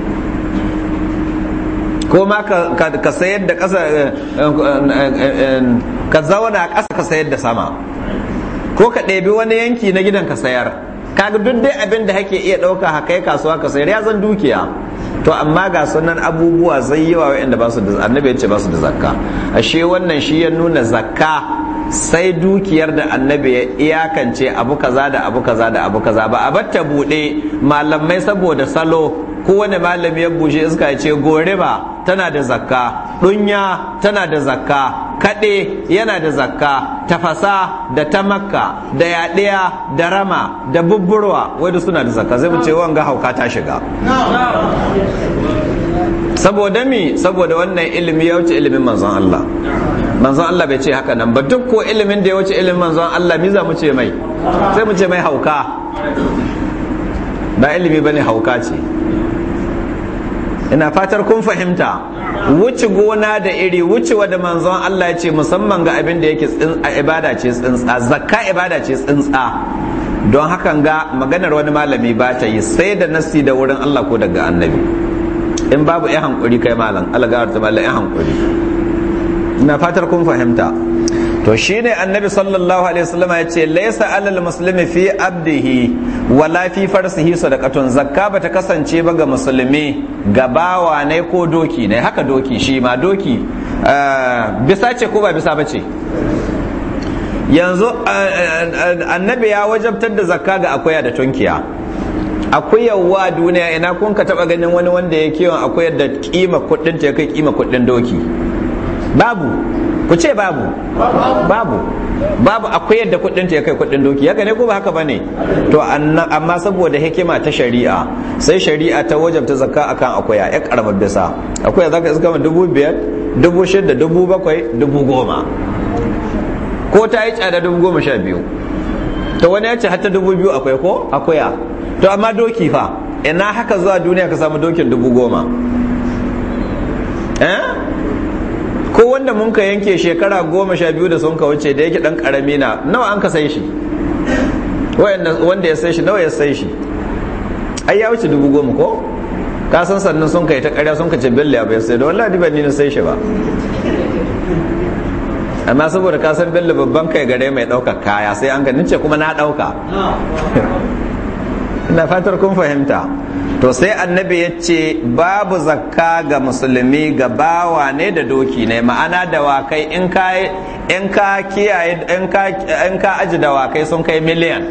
ko ma ka sayar da ƙasa eh, eh, eh, ka zauna ƙasa ka sayar da sama ko ka ɗebi wani yanki na gidan ka sayar kaga duk dai abin da kake iya ɗauka haka ya kasuwa ka sayar ya zan dukiya to amma ga sunan abubuwa zai yi yawa waɗanda ba su da annabi yace ba su da zakka ashe wannan shi ya nuna zakka sai dukiyar da annabi ya iyakance abu kaza da abu kaza da abu kaza ba a batta buɗe malamai saboda salo kowane malami ya bushe iska ya ce gore ba tana da zakka dunya tana da zakka kaɗe yana da zakka tafasa da tamakka da yaɗiya da rama da bubburwa wadda suna da zakka zai mu ce wanga hauka ta shiga saboda mi saboda wannan ilimi ya wuce ilimin manzon Allah manzon Allah bai ce haka nan ba duk ko ilimin da ya wuce ilimin manzon Allah mi za mu ce mai sai mu ce mai hauka ba ilimi bane hauka ce ina fatar kun fahimta wuce gona da iri wucewa da manzon Allah ya ce musamman ga abin da yake ibada ce tsintsa zakka ibada ce tsintsa don hakan ga maganar wani malami ba ta yi sai da nasi da wurin Allah ko daga annabi in babu ya hankuri kai malam Allah ga ta malam ya hankuri ina fatar kun fahimta to shi ne annabi sallallahu alaihi wasallam ya ce laisa alal muslimi fi abdihi la fi farsihi sadaqatun zakka bata kasance ba ga musulmi ga bawa ne ko doki ne haka doki shi ma doki eh, bisa ce ko ba bisa ba ce. yanzu eh, eh, annabi ya wajabtar da zakka ga akuya da tunkiya akuyawa duniya ina kun ka taba ganin wani wanda ya kiwon akwai da kima kuɗin ta kai kima kuɗin doki babu ku ce babu babu babu akwai yadda kudin ta ya kai kudin doki ya gane ko ba haka bane to amma saboda hikima ta shari'a sai shari'a ta wajabta zakka akan akwaya ya karamar bisa akwai akwaya zaka iska dubu biyar dubu shida dubu bakwai dubu goma ko ta yi tsada dubu goma sha biyu to wani ya ce hatta dubu biyu akwai ko akwaya to amma doki fa ina haka zuwa duniya ka samu dokin dubu goma eh ko wanda mun ka yanke shekara goma sha biyu da sun ka wuce da yake dan karami na nawa an ka sai shi wanda ya sai shi nawa ya sai shi ai ya wuce dubu goma ko ka san sannan sun kai ta karya sun kace ya bai sai da wallahi ban ni na sai shi ba amma saboda ka san bello babban kai gare mai ɗaukar kaya sai an ga nince kuma na ɗauka ina fatar kun fahimta to sai annabi ya ce babu zakka ga musulmi ga bawa ne da doki ne ma'ana dawakai in ka kiyaye in ka aji dawakai sun kai miliyan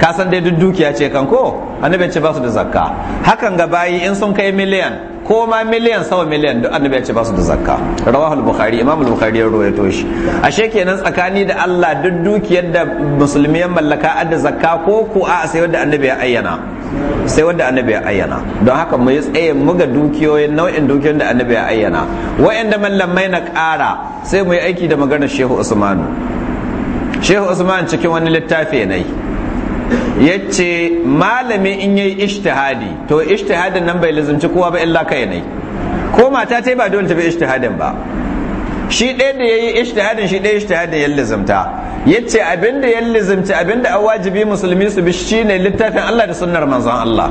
ka san dai duk dukiya ce kanko ko annabi ce ba su da zakka hakan ga bayi in sun kai miliyan ko ma miliyan sama miliyan duk annabi ya ce ba su da zakka rawahul bukhari imam bukhari ya rawaito shi ashe kenan tsakani da Allah duk dukiyar da musulmi ya mallaka adda zakka ko ko a sai wanda annabi ya ayyana sai wanda annabi ya ayyana don haka mu yi tsaye mu ga dukiyoyin nau'in dukiyoyin da annabi ya ayyana wa'anda mallamai na ƙara sai mu yi aiki da maganar shehu usmanu shehu usman cikin wani littafi ne yace malami in yayi ijtihadi to ijtihadin nan bai lazumci kowa ba illa kai ne ko mata ta ba dole ta bi ijtihadin ba shi ɗaya da yayi ijtihadin shi ɗaya ijtihadin ya lazumta yace abinda ya lazumci abinda a wajibi musulmi su bi shine littafin Allah da sunnar manzon Allah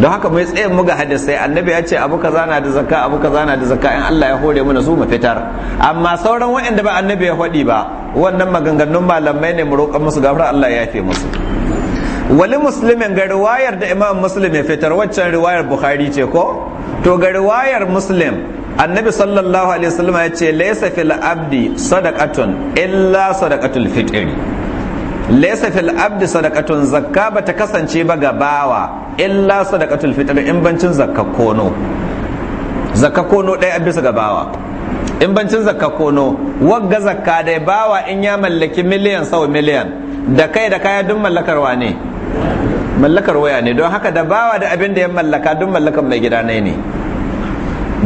don haka mai tsayin muga hadisai annabi ya ce abu kaza na da zakka abu kaza na da zakka in Allah ya hore mu su mu fitar amma sauran waɗanda ba annabi ya faɗi ba wannan maganganun malamai ne mu roƙa musu gafara Allah ya yafe musu wali Musulmin ga riwayar da imam muslim ya fitar waccan riwayar bukhari ce ko to ga riwayar muslim annabi sallallahu alaihi wasallam ya ce laysa fil abdi sadaqatun illa sadaqatul fitri laysa fil abdi sadaqatun zakka bata kasance ba ga bawa illa sadaqatul fitri in bancin zakka kono zakka kono a bisa ga bawa in bancin zakka kono wagga zakka dai bawa in ya mallaki miliyan sau miliyan da kai da kaya duk mallakarwa ne mallakar waya ne don haka da bawa da abin da ya mallaka duk mallakar mai gida ne ne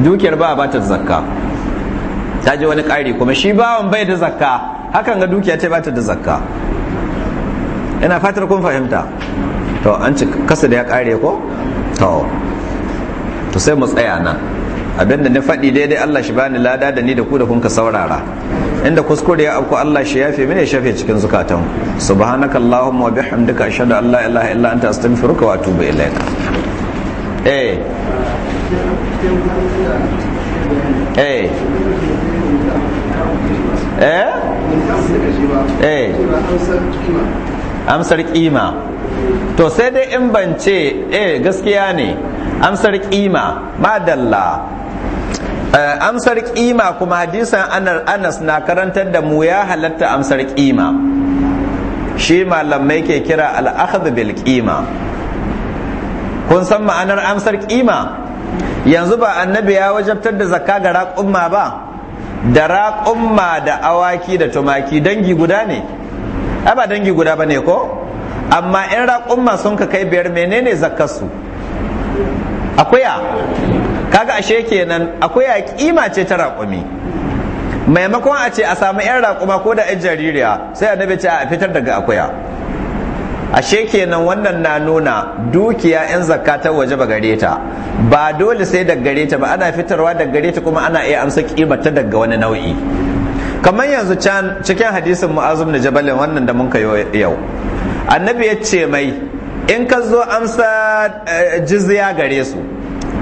dukiyar ba ba ta zakka ta ji wani ƙari kuma shi bawan bai da zakka hakan ga dukiya ta ba ta da zakka ina fatar kun fahimta to an ci kasa da ya ƙare ko to to sai mu tsaya nan abinda na faɗi daidai Allah shi bani lada da ni da ku da kun ka saurara inda kuskure ya afku Allah shi yafe mini ya shafe cikin zukatan subhanaka allahumma wa bihamdika ashhadu an la ilaha illa anta astaghfiruka wa atubu ilaik eh eh eh eh amsar kima to sai dai in ban ce eh gaskiya ne amsar kima madalla Eh, amsar kima kuma hadisan anas na karantar da mu ya halatta amsar kima shi malamai ke kira al'akhadh bil kima kun san ma'anar amsar kima yanzu ba annabi ya wajabtar da zakka ga raƙumma ba da raƙumma da awaki da tumaki dangi guda ne ai ba dangi guda ba ne ko amma in raƙumma sun ka kai biyar menene akwai akuya kaga ashe kenan akwai a kima ce ta raƙumi maimakon a ce a samu 'yan raƙuma ko da 'yan jaririya sai annabi ce a fitar daga akuya ashe kenan wannan na nuna dukiya 'yan zakka ta waje ba gare ta ba dole sai daga gare ta ba ana fitarwa daga gare ta kuma ana iya amsa kima ta daga wani nau'i kamar yanzu can cikin hadisin mu'azum na jabalin wannan da mun kayo yau annabi ya ce mai in ka zo amsa eh, jizya gare su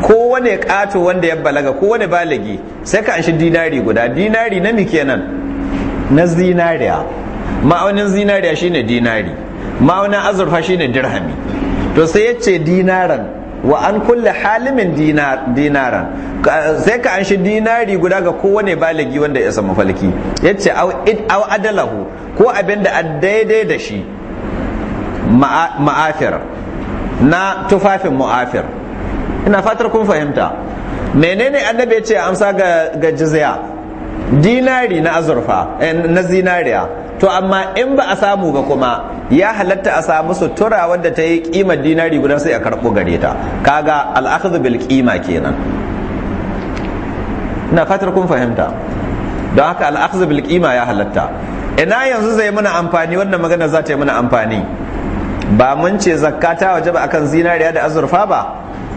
kowane ƙato wanda ya balaga kowane balagi sai ka anshi dinari guda dinari na mi kenan na zinariya ma'aunin zinariya shine dinari ma'aunin azurfa shine dirhami to sai ya ce dinaran wa an kulle halimin dinaran sai ka anshi dinari guda ga kowane balagi wanda ya samu falki ya ce au adalahu ko abin da daidai da shi ma'afir na tufafin mu'afir ina fatar kun fahimta menene annabi ya ce amsa ga ga jizya dinari na azurfa eh, na zinariya to amma in ba a samu ba kuma ya halatta a samu sutura wadda ta yi kima dinari guda sai a karɓo gare ta kaga al'akhdhu bil qima kenan ina fatar kun fahimta don haka al'akhdhu bil qima ya halatta ina yanzu zai muna amfani wannan magana za ta yi muna amfani ba mun ce zakka ta waje ba akan zinariya da azurfa ba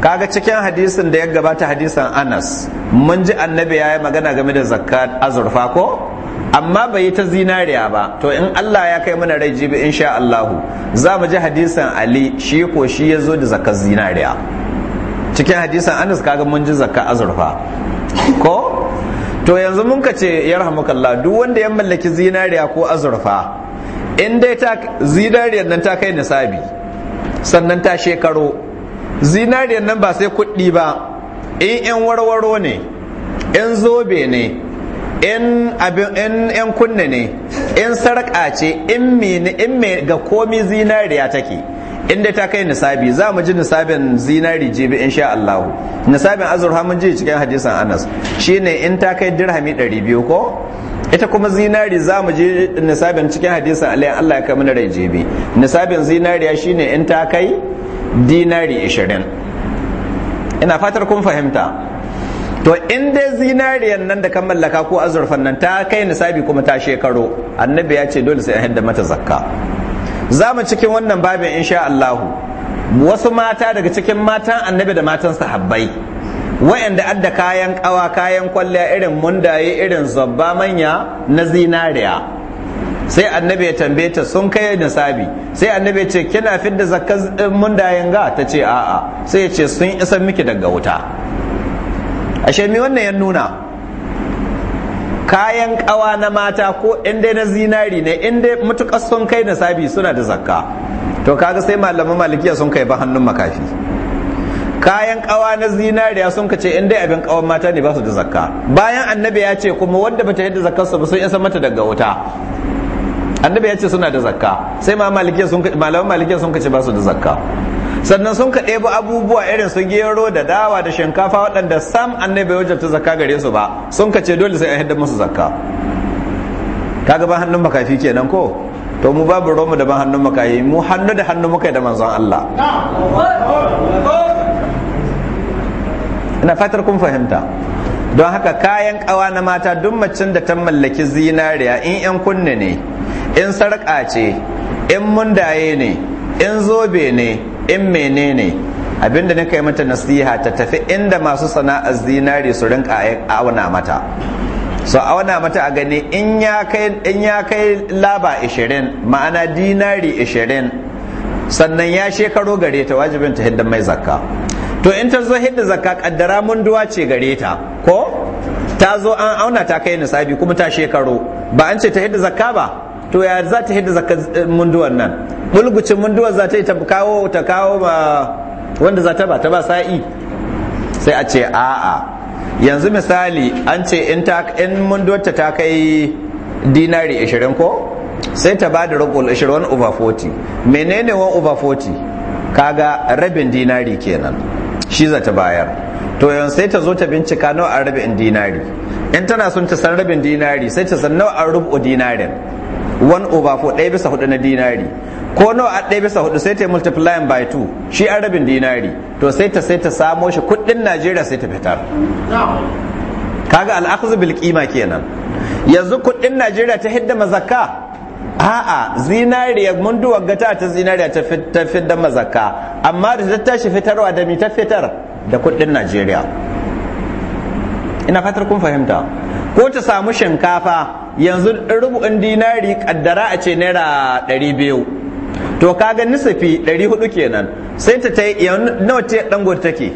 kaga cikin hadisin da ya gabata hadisin anas mun ji annabi ya yi magana game da zakka azurfa ko amma bai yi ta zinariya ba to in Allah ya kai mana rai jibi insha Allahu za mu ji hadisan ali shi ko shi ya zo da zakkar zinariya cikin hadisin anas kaga mun ji zakka azurfa ko to yanzu mun ka ce yarhamukallah duk wanda ya mallaki zinariya ko azurfa in dai ta zinariyar nan ta kai nisabi sannan ta shekaru. zinariyar nan ba sai kuɗi ba in yan warwaro ne yan zobe ne yan kunne ne yan sarƙa ce in me ga komi zinariya take inda ta kai nisabi za mu ji nisabin zinari jibi sha Allah nisabin azurha mun ji cikin hadisan Anas shine in ta kai dirhami 200 ko ita kuma zinari za mu ji nisabin cikin hadisan Ali Allah ya kai mana rai jibi nisabin zinariya shine in ta kai dinari 20 ina fatar kun fahimta to in dai zinariyan nan da kan mallaka ko azurfan nan ta kai nisabi kuma ta shekaro annabi ya ce dole sai a hidda mata zakka za mu cikin wannan babin insha Allahu wasu mata daga cikin matan annabi da matan sahabbai wayanda adda kayan kawa kayan kwalliya irin mundaye irin zabba manya na zinariya sai annabi ya tambaye ta sun kai nisabi sai annabi ya ce kina fidda zakkan mundayen ga ta ce a'a sai ya ce sun isa miki daga wuta ashe mi wannan ya nuna kayan kawa na mata ko in dai na zinari ne in dai mutukar sun kai nisabi suna da zakka to kaga sai malaman malikiya sun kai ba hannun makafi kayan kawa na zinariya sun kace in dai abin kawan mata ne ba su da zakka bayan annabi ya ce kuma wanda bata yadda zakkarsa ba sun isa mata daga wuta annabi ya ce suna da zakka sai ma malikiya sun malaman malikiya sun kace ba su da zakka sannan sun kaɗe bu abubuwa irin su gero da dawa da shinkafa waɗanda sam annabi ta zakka gare su ba sun kace dole sai an hidda musu zakka kaga ba hannun makafi kenan ko to mu babu romu da ban hannun makayi mu hannu da hannu muka da manzon Allah ina fatar kun fahimta don haka kayan kawa na mata duk macin da ta mallaki zinariya in yan kunne ne in sarƙa ce in mundaye ne in zobe ne in mene menene abinda nika yi mata nasiha ta tafi inda masu sana'ar zinari su rinka auna mata so auna mata a gani in ya kai laba 20 ma'ana dinari 20 sannan ya shekaro gare ta wajibin ta hidda mai zakka to in ta zo hidda zakka kaddara munduwa ce gare ta ko ta zo an auna ta kai nisabi kuma ta shekaro ba an ce ta hidda zakka ba to ya za ta hidda zakar eh, munduwan nan bulgucin munduwan za ta yi ta kawo ta kawo ba wanda za ta ba ta ba sa'i sai a ce a'a yanzu misali an ce in munduwarta ta kai dinari 20 ko sai ta ba da rukul 20 over 40 menene 1 over 40 kaga rabin dinari kenan shi za ta bayar to yanzu sai ta zo ta bincika nawa a rabin dinari in tana son ta san rabin dinari sai ta san nawa a rubu dinarin One over ko ɗaya bisa hudu na dinari ko nawa a ɗaya bisa hudu sai ta multiply by two shi an rabin dinari to sai ta sai ta samo shi kuɗin najeriya sai ta fitar kaga al'akzu bil kima kenan yanzu kuɗin najeriya ta hidda mazaka a'a zinariya mun duwagga ta ta zinariya ta fidda mazaka amma da ta tashi fitarwa da mi ta fitar da kuɗin najeriya ina fatar kun fahimta ko ta samu shinkafa yanzu rubu'in dinari kaddara a ce naira ɗari biyu to kaga nisafi ɗari hudu kenan sai ta ta yi nawa ce dangote take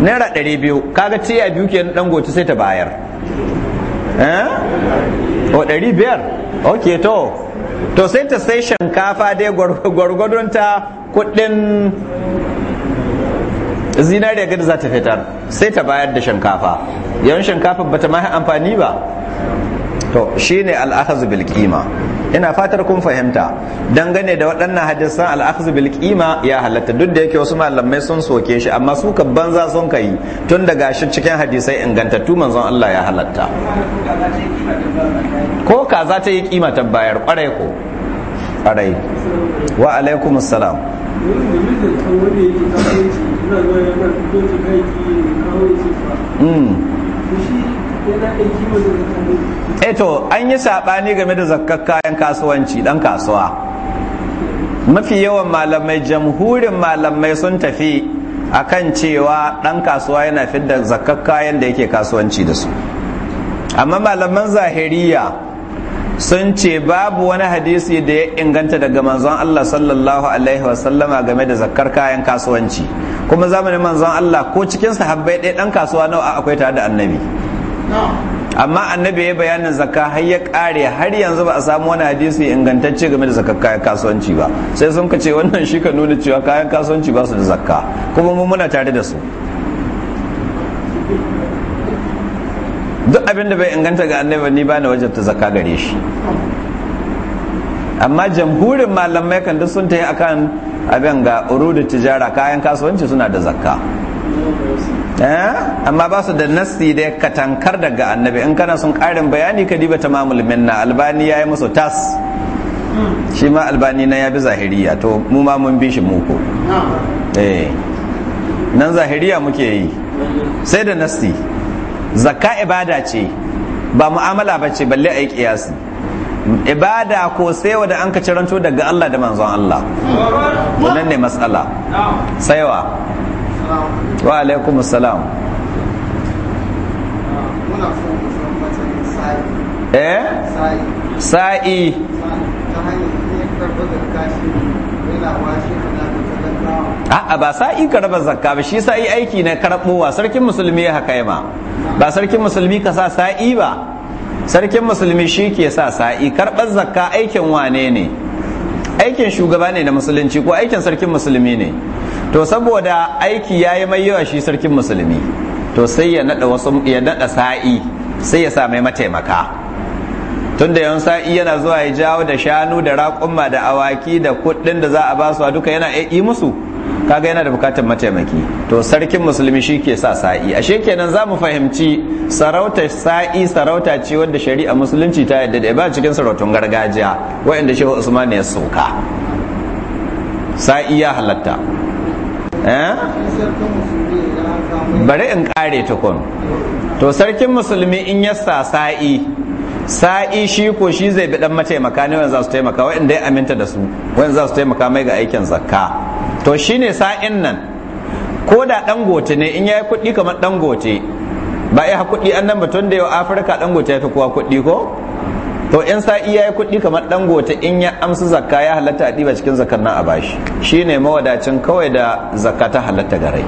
naira ɗari biyu kaga tiya biyu kenan dangote sai ta bayar eh? o ɗari biyar ok to to sai ta sai shinkafa dai gwargwadon ta kuɗin zinariya gada za ta fitar sai ta bayar da shinkafa yawan shinkafa bata ma amfani ba to shine al'akhaz bil qima ina fatar kun fahimta dangane da waɗannan hadisan al'akhaz bil qima ya halatta duk da yake wasu malamai sun soke shi amma su ka banza sun kai tun daga shi cikin hadisai ingantattu manzon Allah ya halatta ko kaza ta yi kima ta bayar kwarai ko kwarai wa alaikum assalam Mm. eto eh an yi saɓani game da zakkar kayan kasuwanci ɗan kasuwa mafi yawan malamai jamhurin malamai sun tafi a kan cewa ɗan kasuwa yana fidda zakkar kayan da yake kasuwanci da su amma malaman zahiriya sun ce babu wani hadisi da ya inganta daga manzon Allah sallallahu alaihi wasallama game da zakkar kayan kasuwanci kuma zamanin manzon Allah ko cikin sahabbai ɗaya ɗan kasuwa nawa akwai tare da annabi amma annabi ya bayanin zakka har ya kare har yanzu ba a samu wani hadisi ingantacce game da zakka kayan kasuwanci ba sai sun kace wannan shi ka nuna cewa kayan kasuwanci ba su da zakka kuma mun muna tare da su duk abin da bai inganta ga annabi ni ba na ta zakka gare shi amma jamhurin malamai kan duk sun tayi akan abin ga uru da tijara kayan kasuwanci suna da zakka Eh? amma ba su da nassi da katankar daga annabi in kana sun karin bayani ka diba tamamul minna albani ya yi musu tas shi ma albani na ya bi zahiriya to mu ma mun bi shi muku eh nan zahiriya muke yi sai da nassi zakka ibada ce ba mu'amala ba ce balle a yi kiyasi ibada ko sai da an ka ciranto daga Allah da manzon Allah wannan ne matsala saiwa wa alaikum assalam eh sa'i a ba sa'i ka raba zakka ba shi sa'i aiki na karɓowa sarkin musulmi ya haka ma ba sarkin musulmi ka sa sa'i ba sarkin musulmi shi ke sa sa'i karɓar zakka aikin wane ne aikin shugaba ne na musulunci ko aikin sarkin musulmi ne to saboda aiki ya yi mai yawa shi sarkin musulmi to sai ya naɗa wasu ya naɗa sa'i sai ya sa mai mataimaka tun da yawan sa'i yana zuwa ya jawo da shanu da raƙumma da awaki da kuɗin da za a ba su duka yana yi musu kaga yana da bukatar mataimaki to sarkin musulmi shi ke sa sa'i ashe kenan za mu fahimci sarauta sa'i sarauta ce wanda shari'a musulunci ta yadda da ba cikin sarautun gargajiya waɗanda shehu usman ya sauka. sa'i ya halatta Eh? bari in kare tukun to sarkin musulmi in ya sa sa'i sa'i shi ko shi zai bi dan mataimaka ne wanda za su taimaka inda ya aminta da su wanda za su taimaka mai ga aikin zakka to shi ne sa'in nan ko da dangote ne in ya yi kuɗi kamar dangote ba ya kuɗi nan batun da yau afirka dangote ya fi kowa kuɗi ko to in sa'i yi kuɗi kamar dangote in ya amsa zakka ya halatta a ɗiba cikin zakar na a bashi shine mawadacin kawai da zakka ta halatta garai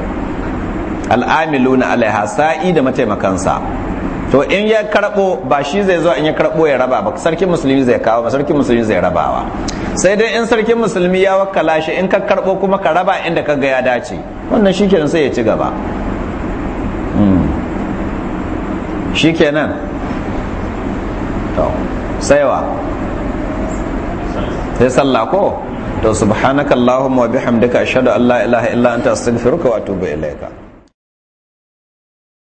na alaiha sa'i da mataimakansa to in ya karɓo ba shi zai zo in ya karɓo ya raba ba sarkin musulmi zai kawo ba sarkin musulmi zai rabawa sai dai in sarkin musulmi ya wakkala shi in ka karɓo kuma ka raba inda ka ga ya dace wannan shi kenan sai ya ci gaba hmm. shi kenan to saiwa sai sallah ko to subhanakallahumma wa bihamdika ashhadu an la ilaha illa anta astaghfiruka wa atubu ilaika